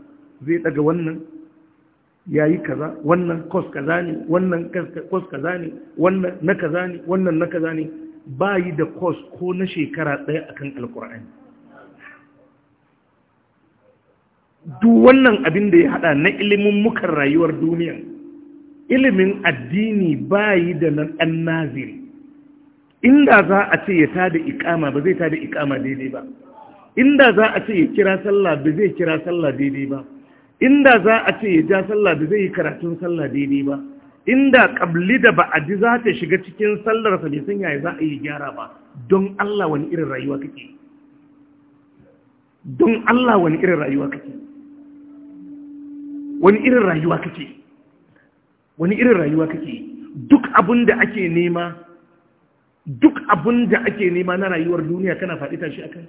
zai daga wannan ya yi kaza wannan kos kaza ne wannan kos kaza ne wannan na kaza ne wannan na kaza ne ba yi da kos ko na shekara ɗaya akan alkur'ani duk wannan abin da ya hada na ilimin mukan rayuwar duniya ilimin addini ba yi da na ɗan naziri inda za a ce ya da ikama ba zai da ikama daidai ba inda za a ce ya kira sallah ba zai kira sallah daidai ba inda za a ce ya ja sallah da zai yi karatun sallah daidai ba inda ƙabli da ji za ta shiga cikin sallarsa bai san yaya za a yi gyara ba don Allah wani irin rayuwa kake don Allah wani irin rayuwa kake wani irin rayuwa kake wani irin rayuwa kake duk abin da ake nema duk abin da ake nema na rayuwar duniya kana faɗi tashi akan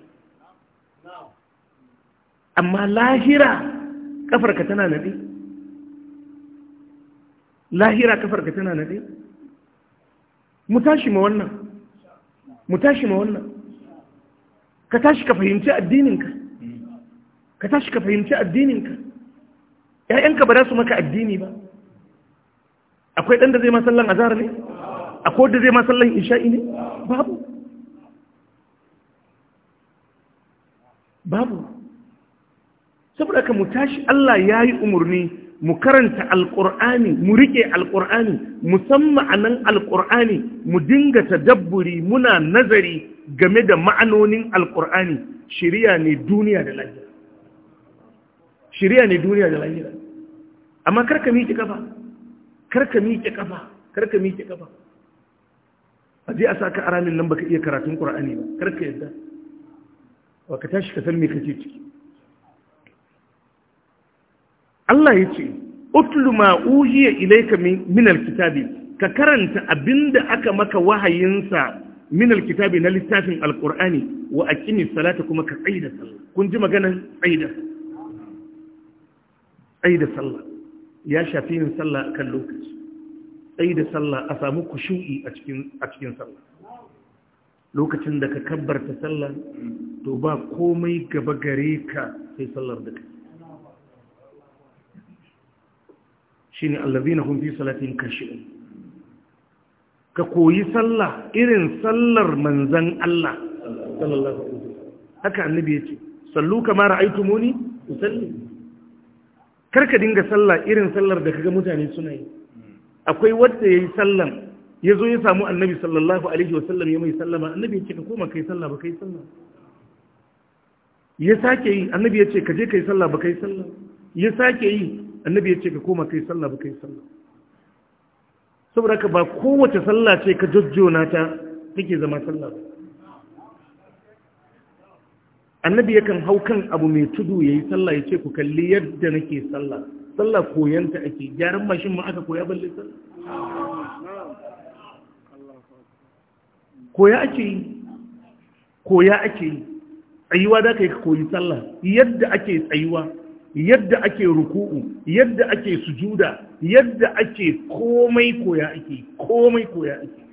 amma lahira Ƙafarka tana naɗe lahira ƙafarka tana naɗe mu tashi ma wannan mu tashi ma wannan ka tashi ka fahimci addininka ka tashi ka fahimci addininka ‘ya'yanka ba za su maka addini ba akwai ɗan da zai masallan azhar ne akwai wanda zai masallan isha'i ne babu babu saboda ka mu tashi Allah ya yi umarni mu karanta alƙur'ani mu riƙe alƙur'ani musamman a nan alƙur'ani mu dinga tadabburi muna nazari game da ma'anonin alƙur'ani shirya ne duniya da lahira shirya ne duniya da lahira amma karka miƙe kafa karka miƙe kafa karka miƙe kafa a je a sa ka aramin nan baka iya karatun ƙur'ani ba karka yadda ba ka tashi ka san me kake ciki Allah ya ce utlu ma uhiya ilayka min alkitabi ka karanta abinda aka maka wahayinsa min kitabi na littafin alqur'ani wa aqimi salata kuma ka da sallah kun ji maganan tsaida da sallah ya shafi yin sallah a kan lokaci da sallah a samu kushu'i a a cikin sallah lokacin da ka kabbarta sallah to ba komai gaba gare ka sai sallar da kai Allah zina hum fi salatin khashi'un ka koyi sallah irin sallar manzan Allah annabi ya ce, Sallu annabi yace sallu muni ra'aytumuni salli karka dinga sallah irin sallar da kaga mutane suna yi akwai ya yi sallan zo ya samu annabi sallallahu alaihi wasallam ya mai sallama annabi ya ce ka koma kai sallah ba kai sallah ya sake yi annabi ya ce ka je kai sallah ba kai sallah ya sake yi annabi ya ce ka koma kai sallah ba kai sallah saboda ka ba kowace sallah ce ka jojjona ta take zama sallah annabi yakan hau kan abu mai tudu ya yi sallah ya ce ku kalli yadda nake sallah sallah koyanta ake gyaran mashin ma aka koya balle sallah koya ake yi koya ake yi tsayuwa za ka yi ka koyi sallah yadda ake tsayuwa yadda ake ruku'u yadda ake sujuda yadda ake komai koya ake komai koya ake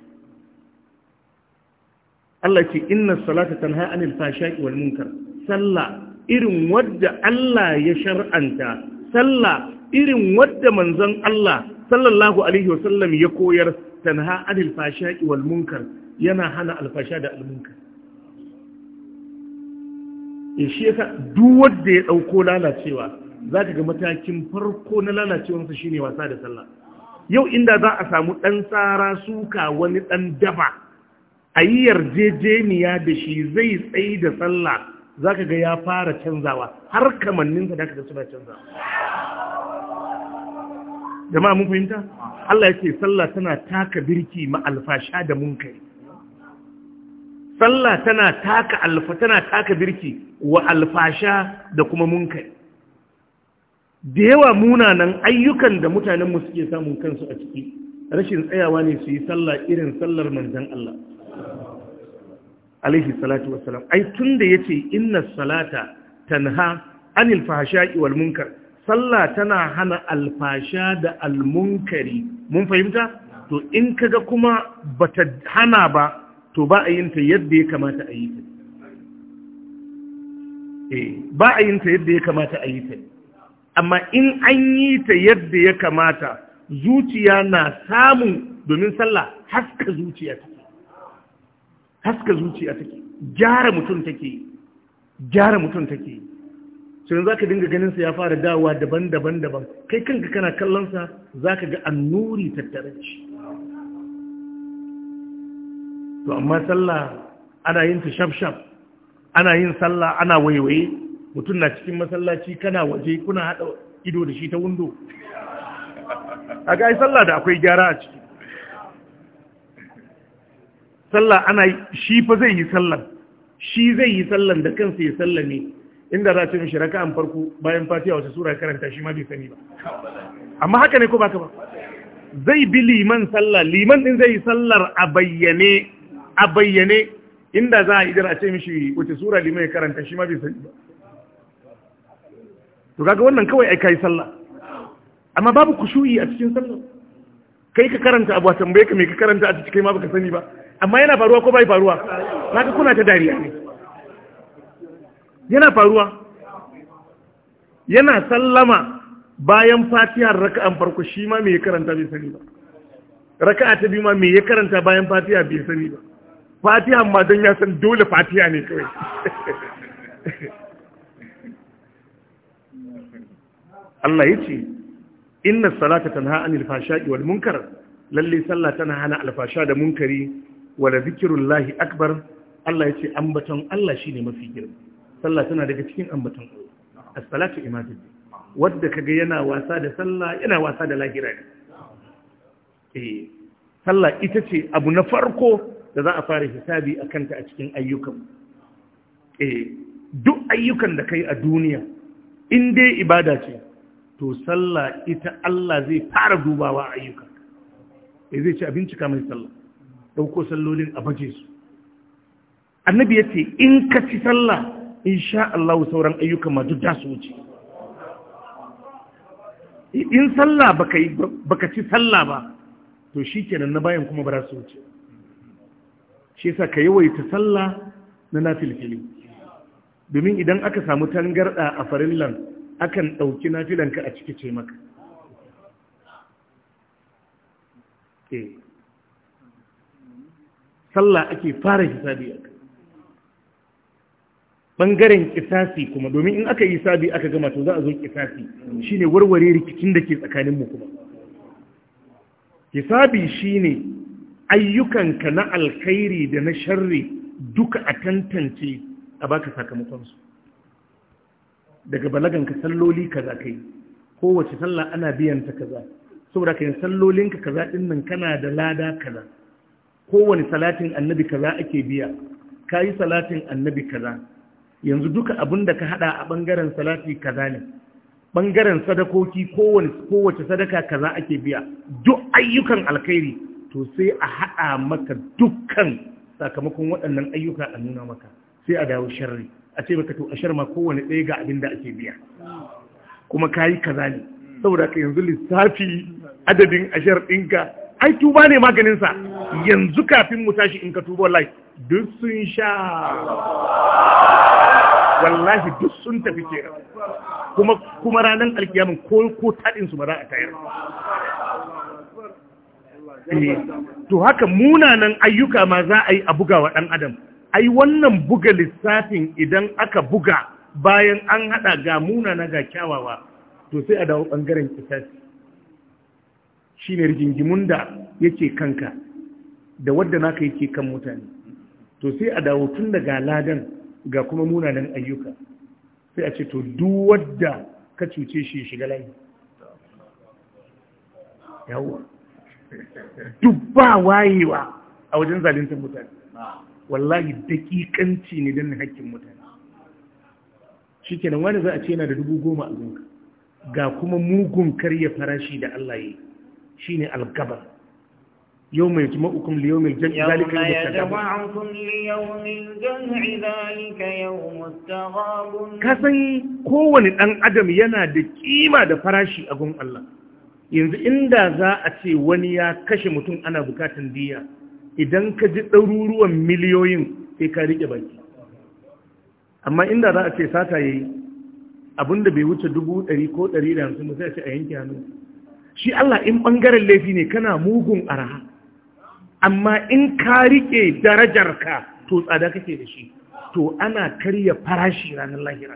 Allah ce inna salata tanha anil fashai wal munkar sallah irin wadda Allah ya shar'anta sallah irin wadda manzon Allah sallallahu alaihi wasallam ya koyar tanha anil fashai wal munkar yana hana alfasha da al in eh, shi yasa duk wanda ya ɗauko lalacewa za ka ga matakin farko na lalacewarsa shine wasa da sallah yau inda za a samu ɗan tsara suka wani ɗan daba a yi yarjejeniya da shi zai tsayi da sallah za ka ga ya fara canzawa har kamanninsa da ka suna canzawa jama'a mun fahimta Allah ya ce sallah tana taka birki ma alfasha da munkari sallah tana taka alfa tana taka birki wa alfasha da kuma munkari da yawa munanan ayyukan da mutanen mu suke samun kansu a ciki rashin tsayawa ne su yi sallah irin sallar manzon Allah alaihi salatu wassalam ai tunda yace inna salata tanha anil fahsha'i wal munkar sallah tana hana alfasha da almunkari mun fahimta to in kaga kuma bata hana ba to ba a yin ta yadda ya kamata a yi ta eh, ba a yin ta yadda ya kamata a yi ta amma in an yi ta yadda ya kamata zuciya na samun domin sallah haska zuciya take haska zuciya take gyara mutum take gyara mutum take sai za ka dinga ganin sa ya fara dawa daban-daban daban kai kanka kana kallon sa za ka ga annuri tattare da shi to amma sallah ana yin ta shafshaf ana yin sallah ana waiwaye mutum na cikin masallaci kana waje kuna haɗa ido da shi ta wundo a ga sallah da akwai gyara a ciki sallah ana shi fa zai yi sallan shi zai yi sallan da kansa ya sallame inda za ta shiraka an farko bayan fatiha wata sura karanta shi ma bai sani ba amma haka ne ko ba ka ba zai bi liman sallah liman din zai yi sallar a bayyane a bayyane inda za a idar a ce mishi wace sura limai karanta shi ma bai sani ba to kaga wannan kawai ai kai sallah amma babu kushuyi a cikin sallah kai ka karanta abu a tambaye ka me ka karanta a cikin ma baka sani ba amma yana faruwa ko bai faruwa kaga kuna ta dariya ne yana faruwa yana sallama bayan fatihar raka'an farko shi ma me ya karanta bai sani ba raka'a ta biyu ma me ya karanta bayan fatiha bai sani ba fatiha ma don ya san dole fatiha ne kawai Allah ya ce inna salata tanha anil fashai wal munkar lalle sallah tana hana alfasha da munkari zikirun lahi akbar Allah ya ce ambaton Allah shi ne mafi girma sallah tana daga cikin ambaton Allah as-salatu Wadda ka kaga yana wasa da salla yana wasa da lahira eh sallah ita ce abu na farko da za a fara hisabi a kanta a cikin ayyukan eh duk ayyukan da kai a duniya in dai ibada ce to sallah ita Allah zai fara dubawa ayyuka eh zai ci abinci kamar sallah dauko sallolin a baje su annabi yace in ka ci sallah insha Allah sauran ayyukan ma duk da su wuce in sallah baka ci sallah ba to shi shikenan na bayan kuma ba za su wuce shi sa ka yawaita sallah na nafilfili domin idan aka samu tangarda a farillan akan ɗauki nafilanka a ciki ce maka eh. sallah ake fara hisabi a ɓangaren kisasi kuma domin in aka yi hisabi aka gama to za a zo kisasi shine warware rikicin da ke tsakaninmu kuma hisabi shine ayyukanka na alkhairi da na sharri duka a tantance a baka sakamakonsu daga balaganka salloli kaza kai kowace sallah ana biyanta kaza saboda kai sallolinka kaza din nan kana da lada kaza kowane salatin annabi kaza ake biya kayi salatin annabi kaza yanzu duka abin da ka hada a bangaren salati kaza ne bangaren sadakoki kowace sadaka kaza ake biya duk ayyukan alkhairi to sai a haɗa maka dukkan sakamakon waɗannan ayyuka a nuna maka sai a dawo sharri a ce maka to a sharma kowane ɗaya ga abin da ake biya kuma ka yi kaza ne saboda ka yanzu lissafi adadin ashar ɗinka ai tuba ne maganinsa yanzu kafin mu tashi in ka tuba wallahi duk sun sha wallahi duk sun tafi kera. kuma ranar alkiyamin ko ko taɗinsu su ba za a tayar Eh, to haka munanan ayyuka ma za a yi a buga wa ɗan adam ai wannan buga lissafin idan aka buga bayan an haɗa ga munana ga kyawawa to sai a dawo ɓangaren kisasi shi ne rigingimun da yake kanka da wadda naka yake kan mutane to sai a dawo tun daga ladan ga kuma munanan ayyuka sai a ce to duk wadda ka cuce shi shiga layi yawwa Dubba wayewa a wajen zaluntar mutane wallahi dakikanci ne don haƙƙin mutane shi kenan wani za a ce yana da dubu goma a zunka ga kuma mugun karya farashi da Allah yi shi ne algabar yau mai jima ukun mai jan zalika yau kasan kowane ɗan adam yana da kima da farashi a gun Allah yanzu inda za a ce wani ya kashe mutum ana bukatan diya idan ka ji ɗaruruwan miliyoyin sai ka riƙe baki amma inda za a ce sata ya yi abinda bai wuce dubu ɗari ko ɗari da hamsin sai a ce a yanke hannu shi Allah in ɓangaren laifi ne kana mugun araha amma in ka riƙe darajarka to tsada kake da shi to ana karya farashi ranar lahira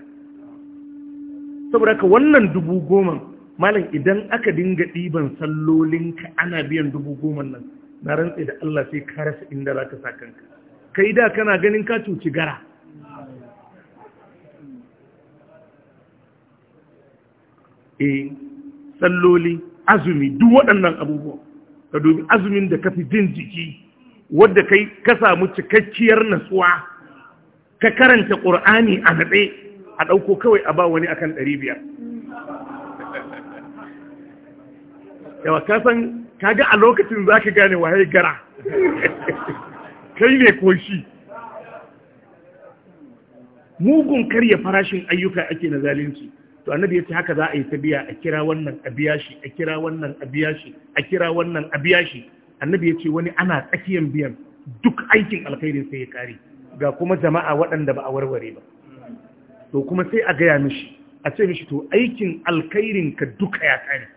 saboda ka wannan dubu goma malam idan aka dinga ɗiban sallolinka ana biyan dubu goma nan na rantse da Allah sai ka rasa inda za ka sa kanka kai da kana ganin ka cuci gara eh salloli azumi duk waɗannan abubuwa ka dubi azumin da ka fi jin jiki wadda kai ka samu cikakkiyar natsuwa ka karanta ƙur'ani a natse a ɗauko kawai a ba wani akan ɗari biyar yawa kasan kaga a lokacin za ka gane waye gara kai ne ko shi mugun karya farashin ayyuka ake na zalunci to annabi yace haka za a yi tabiya a kira wannan a biya shi a kira wannan a biya shi a kira wannan a biya shi annabi yace wani ana tsakiyan biyan duk aikin alkhairi sai ya kare ga kuma jama'a waɗanda ba a warware ba to kuma sai a gaya mishi a ce mishi to aikin alkhairin ka duka ya kare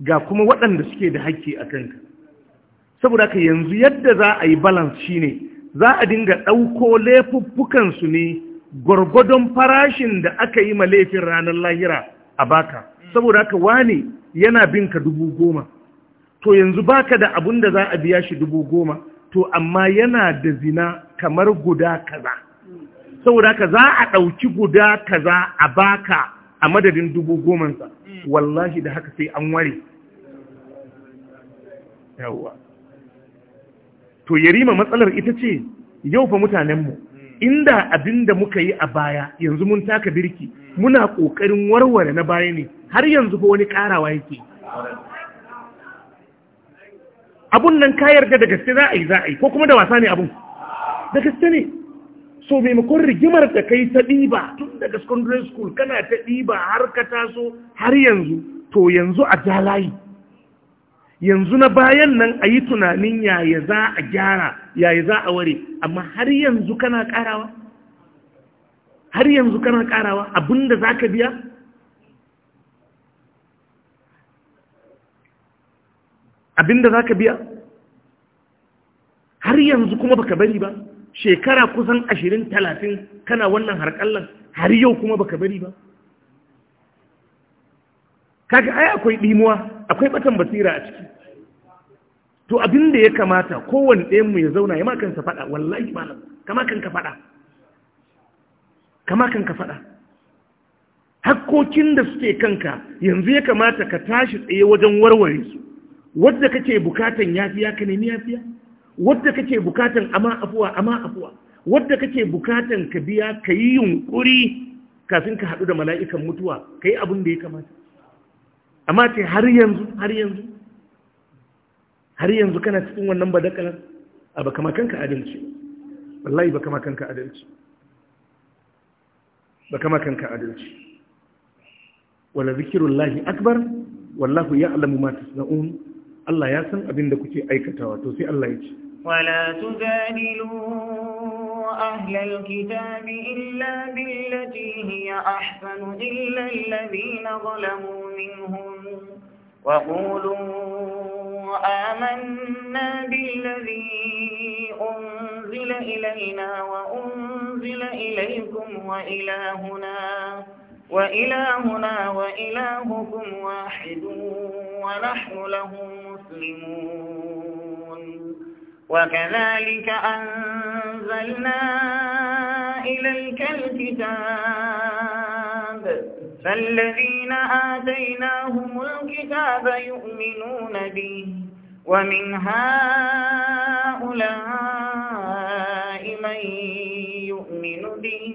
ga kuma waɗanda suke da haƙƙi a kanka saboda ka yanzu yadda za a yi balance ne, za a dinga ɗauko laifuffukansu ne gwargwadon farashin da aka yi ma laifin ranar lahira a baka saboda haka wani yana bin ka dubu goma to yanzu baka da abun da za a biya shi dubu goma to amma yana da zina kamar guda kaza saboda haka za a ɗauki guda kaza a baka a madadin dubu gomansa mm. wallahi da haka sai an ware yawwa to yarima matsalar ita ce yau fa mutanenmu inda abinda muka yi a baya yanzu mun taka birki muna ƙoƙarin warware na baya ne har yanzu fa wani ƙarawa yake abun nan ka yarda da gaske za a yi za a yi ko kuma da wasa ne abun da gaske ne so maimakon rigimar da kai ta ɗiba tun daga secondary school kana ta ɗiba har ka taso har yanzu to yanzu a ja layi yanzu na bayan nan a yi tunanin yaya za a gyara yaya za a ware amma har yanzu kana karawa har yanzu kana karawa abinda za ka biya abinda za ka biya har yanzu kuma baka bari ba shekara kusan ashirin talatin kana wannan harƙallan har yau kuma baka bari ba kaga ai akwai dimuwa akwai batan basira a ciki to abin da ya kamata kowanne ɗayan mu ya zauna ya makansa faɗa wallahi malam kama kanka fada kama kanka fada hakkokin da suke kanka yanzu ya kamata ka tashi tsaye wajen warware su wadda kake bukatan yafiya ka nemi yafiya wadda kake bukatan ama afuwa ama afuwa wadda kake bukatan ka biya ka yi yunkuri kafin ka haɗu da mala'ikan mutuwa ka yi abin da ya kamata amma ce har yanzu har yanzu har yanzu kana cikin wannan badakalar a baka makanka adalci wallahi baka makanka adalci baka makanka adalci wala zikirullahi akbar wallahu ya'lamu ma tasna'un Allah ya san abin da kuke aikatawa to sai Allah ya ce wala tuzanilu أهل الكتاب إلا بالتي هي أحسن إلا الذين ظلموا منهم وقولوا آمنا بالذي أنزل إلينا وأنزل إليكم وإلهنا وإلهنا وإلهكم واحد ونحن له مسلمون وكذلك أن أنزلنا إليك الكتاب فالذين آتيناهم الكتاب يؤمنون به ومن هؤلاء من يؤمن به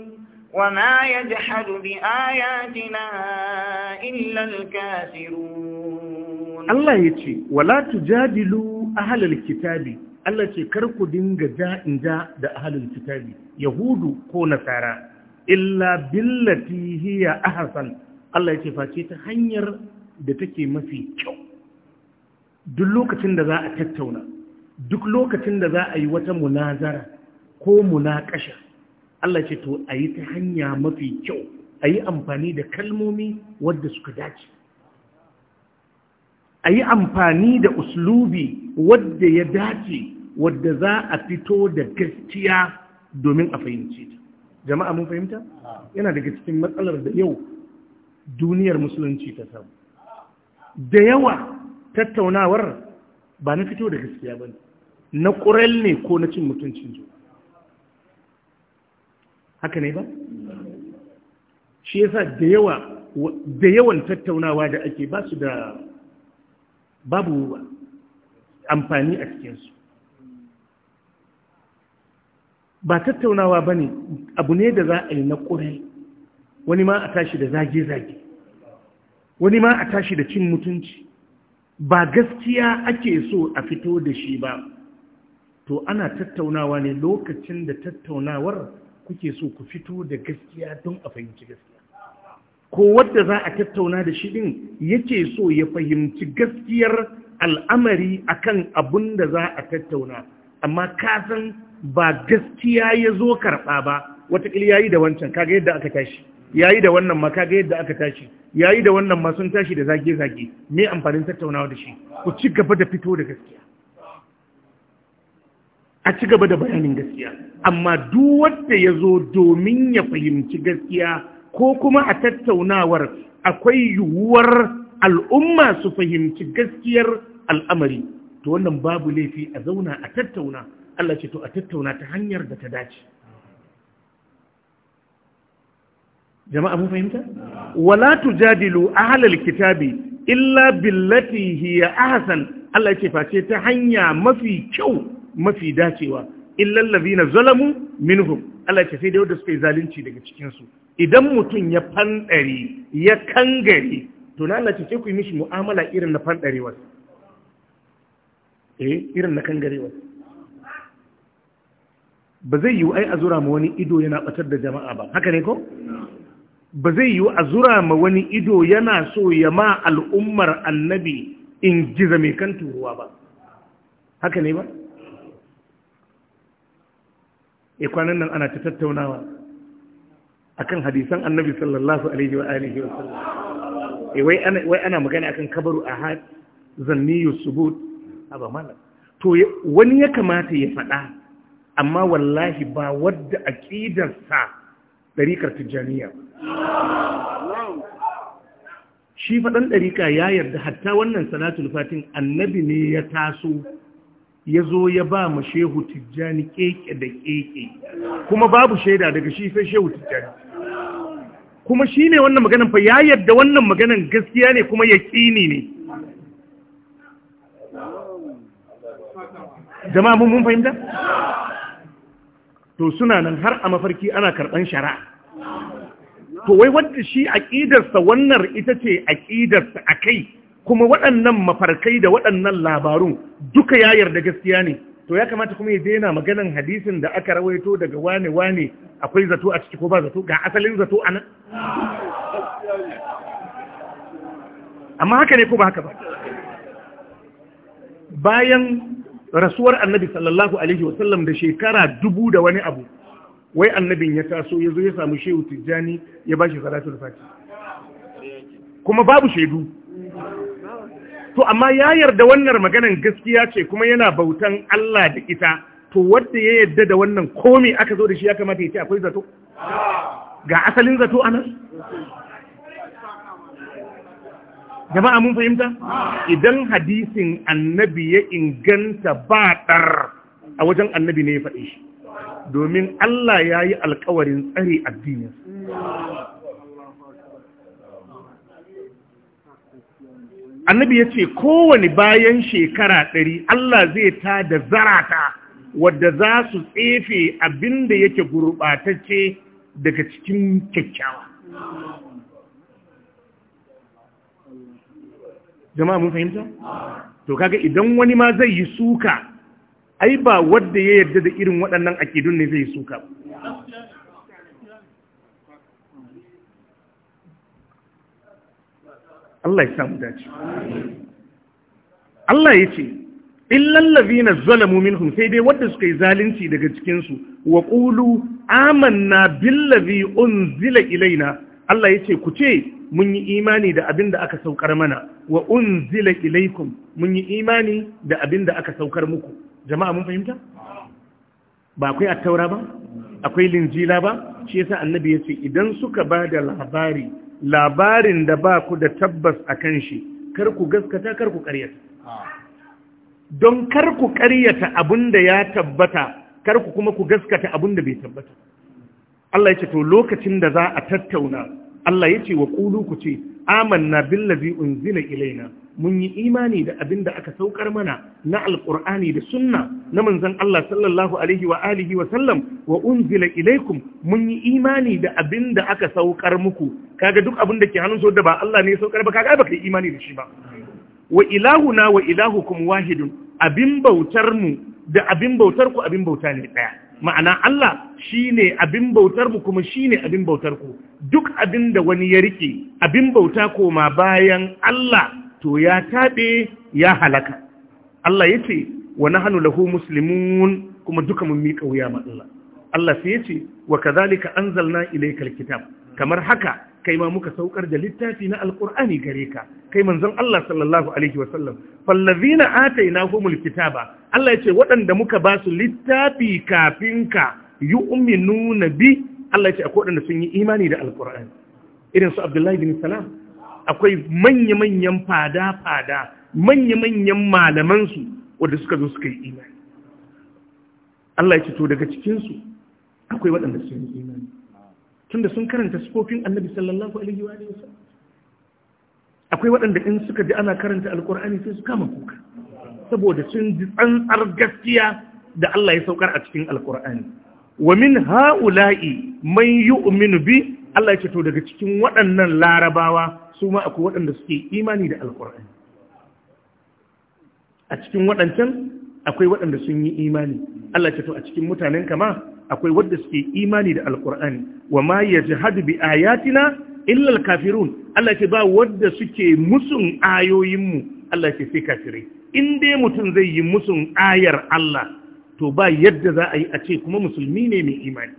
وما يجحد بآياتنا إلا الكافرون الله يتي ولا تجادلوا أهل الكتاب Allah ce kar ku dinga ja'in ja da ahalin kitabi yahudu ko nasara illa billati hiya ahsan Allah ya face ta hanyar da take mafi kyau duk lokacin da za a tattauna duk lokacin da za a yi wata munazara ko munakasha Allah ce to a yi ta hanya mafi kyau a yi amfani da kalmomi wadda suka dace a yi amfani da uslubi wadda ya dace wadda za a fito da gaskiya domin a fahimci ta jama'a mun fahimta yana daga cikin matsalar da yau duniyar musulunci ta samu da yawa tattaunawar ba na fito da gaskiya ba na ƙurel ne ko na cin mutuncin jo haka ne ba shi yasa da yawa da yawan tattaunawa da ake ba su da babu amfani a cikinsu ba tattaunawa ba ne abu ne da za a yi na ƙurai wani ma a tashi da zage-zage wani ma a tashi da cin mutunci ba gaskiya ake so a fito da shi ba to ana tattaunawa ne lokacin da tattaunawar kuke so ku fito da gaskiya don a fahimci gaskiya ko wadda za a tattauna da shi din yake so ya fahimci gaskiyar al'amari akan abun da za a tattauna amma ka san ba gaskiya ya zo karɓa ba watakila yayi da wancan kaga yadda aka tashi yayi da wannan ma kaga yadda aka tashi yayi da wannan ma sun tashi da zage-zage me amfanin tattaunawa da shi ku ci gaba da fito da gaskiya a ci gaba da bayanin gaskiya amma duk wanda ya zo domin ya fahimci gaskiya ko kuma a tattaunawar akwai yiwuwar al'umma su fahimci gaskiyar al'amari to wannan babu laifi a zauna a tattauna Allah ce to a tattauna ta hanyar da ta dace jama'a mun fahimta wala tujadilu ahlal kitabi illa billati hiya ahsan Allah ce face ta hanya mafi kyau mafi dacewa illal ladina zalamu minhum Allah ce sai dai wanda suka yi zalunci daga cikinsu idan mutum ya fanɗare ya kangare to na Allah ce sai ku yi mishi mu'amala irin na fanɗarewar eh irin na kangarewar ba zai yiwu ai a zura ma wani ido yana batar da jama'a ba haka ne ko ba zai yiwu a zura ma wani ido yana so ya ma al'ummar annabi in giza kan turuwa ba haka ne ba e kwanan nan ana ta tattaunawa akan hadisan annabi sallallahu alaihi wa alihi wa e wai ana magana akan kabaru ahad zanniyu subut aba to wani ya kamata ya faɗa amma wallahi ba wadda aqidarsa dariƙar tijaniya shi faɗan ɗarika ya yarda hatta wannan salatul fatin annabi ne ya taso ya zo ya ba ma shehu tijjani keke da keke kuma babu shaida daga shi sai shehu tijjani kuma shi ne wannan maganin fa ya yadda wannan maganin gaskiya ne kuma ya ne jama'a mun fahimta? to suna nan har a mafarki ana karɓan shari'a to wai wadda shi aƙidarsa wannan ita ce aƙidarsa a kai kuma waɗannan mafarkai da waɗannan labarun duka ya yarda gaskiya ne to ya kamata kuma ya daina maganan hadisin da aka rawaito daga wane wane akwai zato a ciki ko ba zato ga asalin zato a nan amma haka ne ko ba haka ba bayan rasuwar annabi sallallahu alaihi wasallam da shekara dubu da wani abu wai annabin ya taso ya zo ya samu shehu tijjani ya ba shi salatul fati kuma babu shaidu to amma ya yarda wannan maganan gaskiya ce kuma yana bautan Allah da ita to wanda ya yarda da wannan komai aka zo da shi ya kamata ya ce akwai zato ga asalin zato anan jama'a mun fahimta idan hadisin annabi ya inganta ba dar a wajen annabi ne ya faɗi shi domin Allah ya yi alkawarin tsare addinin. annabi ya ce kowane bayan shekara ɗari Allah zai ta da zarata wadda za su tsefe abin da yake gurɓatacce daga cikin kyakkyawa. Jama'a mun fahimta? To kaga idan wani ma zai yi suka, ai ba wadda ya yarda da irin waɗannan akidun ne zai yi suka. Allah ya samu dace Allah ya ce lallabi na zalamu minhum sai dai wadda suka yi zalunci daga cikinsu wa ƙulu amanna un unzila ilaina Allah ya ce ku ce mun yi imani da abin da aka saukar mana wa unzila ilaikum mun yi imani da abin da aka saukar muku jama'a mun fahimta ba akwai attaura ba akwai linjila ba shi yasa annabi ya ce idan suka ba da labari labarin da ba ku da tabbas a kan shi kar ku gaskata kar ku karyata ah. don kar ku karyata abin da ya tabbata kar ku kuma ku gaskata abin da bai tabbata Allah ya ce to lokacin da za a tattauna Allah ya ce wa kulu ku ce amanna billazi unzila ilaina mun yi imani da abin da aka saukar mana na alkur'ani da sunna na manzon Allah sallallahu alaihi wa alihi wa sallam wa unzila ilaikum mun yi imani da abin da aka saukar muku kaga duk abin da ke hannun so da ba Allah ne ya saukar ba kaga ba yi imani da shi ba wa ilahuna wa ilahukum wahidun abin bautar mu da abin bautar ku abin bauta ne daya ma'ana Allah shine abin bautar mu kuma shine abin bautar ku duk abin da wani ya rike abin bauta koma bayan Allah to ya taɓe ya halaka Allah ya ce wa nahnu lahu muslimun kuma duka mun miƙa wuya ma Allah Allah sai ya ce wa kadhalika anzalna ilaykal kitab kamar haka kai ma muka saukar da littafi na Alƙur'ani gare ka kai manzon Allah sallallahu alaihi wa sallam fallazina atainahumul kitaba Allah ya ce waɗanda muka ba su littafi kafin ka yu'minuna bi Allah ya ce akwai waɗanda sun yi imani da Alƙur'ani. irin su Abdullahi bin Salam akwai manya-manyan fada-fada manya-manyan malamansu wadda suka zo suka yi imani Allah ya ce to daga cikinsu akwai waɗanda sun yi imani tunda sun karanta sifofin annabi sallallahu alaihi wa sallam akwai waɗanda in suka ji ana karanta alkur'ani sai su kama kuka saboda sun ji tsantsar gaskiya da Allah ya saukar a cikin alkur'ani wa min ha'ula'i man yu'minu bi Allah ya ce to daga cikin waɗannan larabawa su ma akwai waɗanda suke imani da alƙur'ani a cikin waɗancan akwai waɗanda sun yi imani Allah ce to a cikin mutanen kama akwai wanda suke imani da alƙur'ani wa ma yajhadu bi ayatina illa alkafirun kafirun Allah ce ba wanda suke musun ayoyinmu Allah ce sai kafire. in dai mutum zai yi musun ayar Allah to ba yadda za a yi a ce kuma musulmi ne mai imani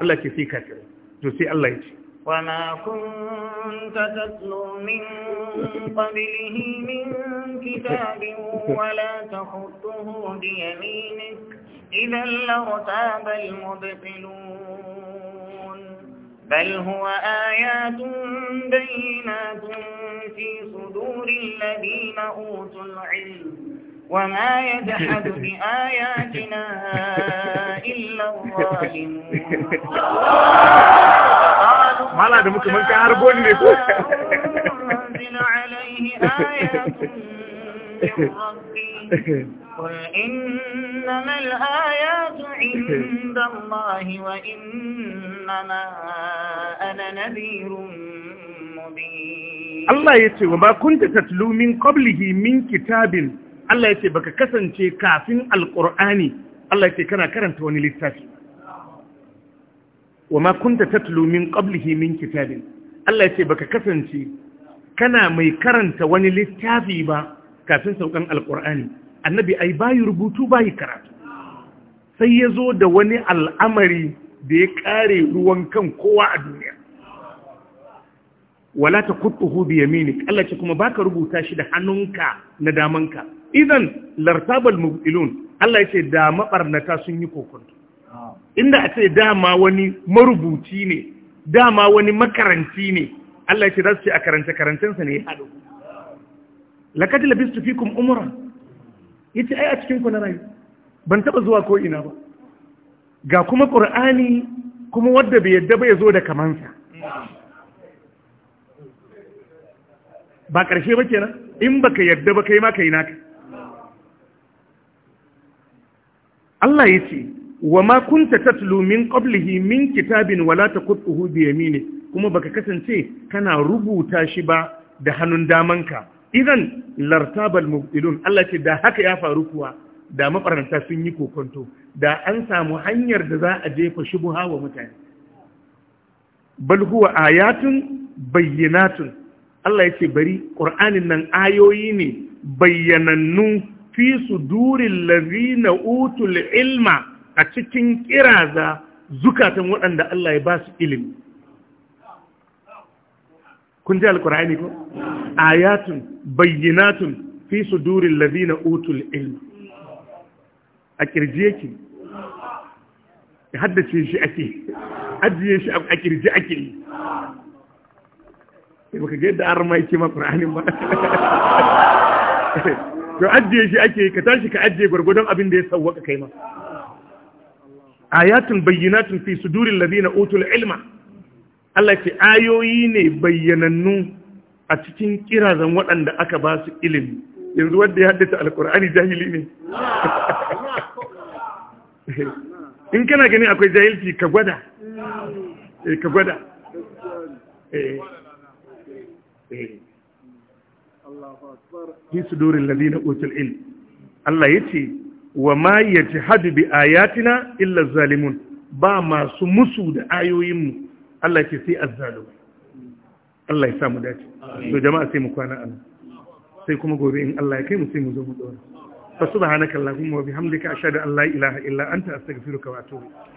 Allah ce sai kafire. to sai Allah ya ce وما كنت تتلو من قبله من كتاب ولا تخطه بيمينك إذا لارتاب المبطلون بل هو آيات بينات في صدور الذين أوتوا العلم وما يجحد بآياتنا إلا الظالمون mala da muka manka har goni ne ko Allah ya ce wa ba kun ta tatlumin ƙoblihi min kitabin Allah ya ce baka kasance kafin Al’ur'ani Allah ya ce kana karanta wani littafi. wa ma kunta tatlu min qablihi min kitabin Allah yace baka kasance kana mai karanta wani littafi ba kafin saukan alqur'ani annabi ai bayi rubutu bayi karatu sai ya zo da wani al'amari da ya kare ruwan kan kowa a duniya wala ta taqutuhu bi yaminik Allah ce kuma baka rubuta shi da hannunka na damanka idan lartabal mubilun Allah yace da mabarnata sun yi kokonto inda a ce dama wani marubuci ne dama wani makaranci ne Allah ce za su ce a karance-karancensa ne ya haɗu lakadi labistu fikum umra yace ai a cikin ku na rayu ban taba zuwa ko ina ba ga kuma qur'ani kuma wanda bai yadda ba yazo da kamansa ba karshe ba kenan in baka yadda ba kai ma kai naka Allah yace wa ma kunta tatlu min qablihi min kitabin wala taqutuhu bi yamine kuma baka kasance kana rubuta shi ba da hannun damanka idan lartabal mubtilun Allah ce da haka ya faru kuwa da mafaranta sun yi kokonto da an samu hanyar da za a jefa shubha wa mutane bal huwa ayatun bayyinatun Allah ya ce bari Qur'anin nan ayoyi ne bayyanannu fi suduril ladina utul ilma a cikin kiraza zukatan waɗanda Allah ya ba su ilimi kun ji alkur'ani ko ayatun bayyinatun fi sudurin lazina utul ilmi a kirji yake ya haddace shi ake ajiye shi a kirji ake yi sai baka ga yadda an rama yake ma ƙur'anin ba to ajiye shi ake ka tashi ka ajiye gwargwadon abin da ya sauwaka kai ma ayatun bayyanatun fi sudurin ladina utul ilma Allah ce ayoyi ne bayyanannu a cikin kirazan waɗanda aka ba su ilimi yanzu wanda ya haddata alkur'ani jahili ne in kana gani akwai jahilci ka gwada eh, ka gwada eh. Eh. fi sudurin ladina utul Allah ya ce wa ma yajhadu bi ayatina illa zalimun ba masu musu da ayoyinmu Allah ke sai azzalumai Allah ya samu dace to jama'a sai mu kwana Allah, sai kuma gobe in Allah ya kai mu sai mu zo mu dora fa subhanakallahumma wa bihamdika ashhadu an la ilaha illa anta astaghfiruka wa atubu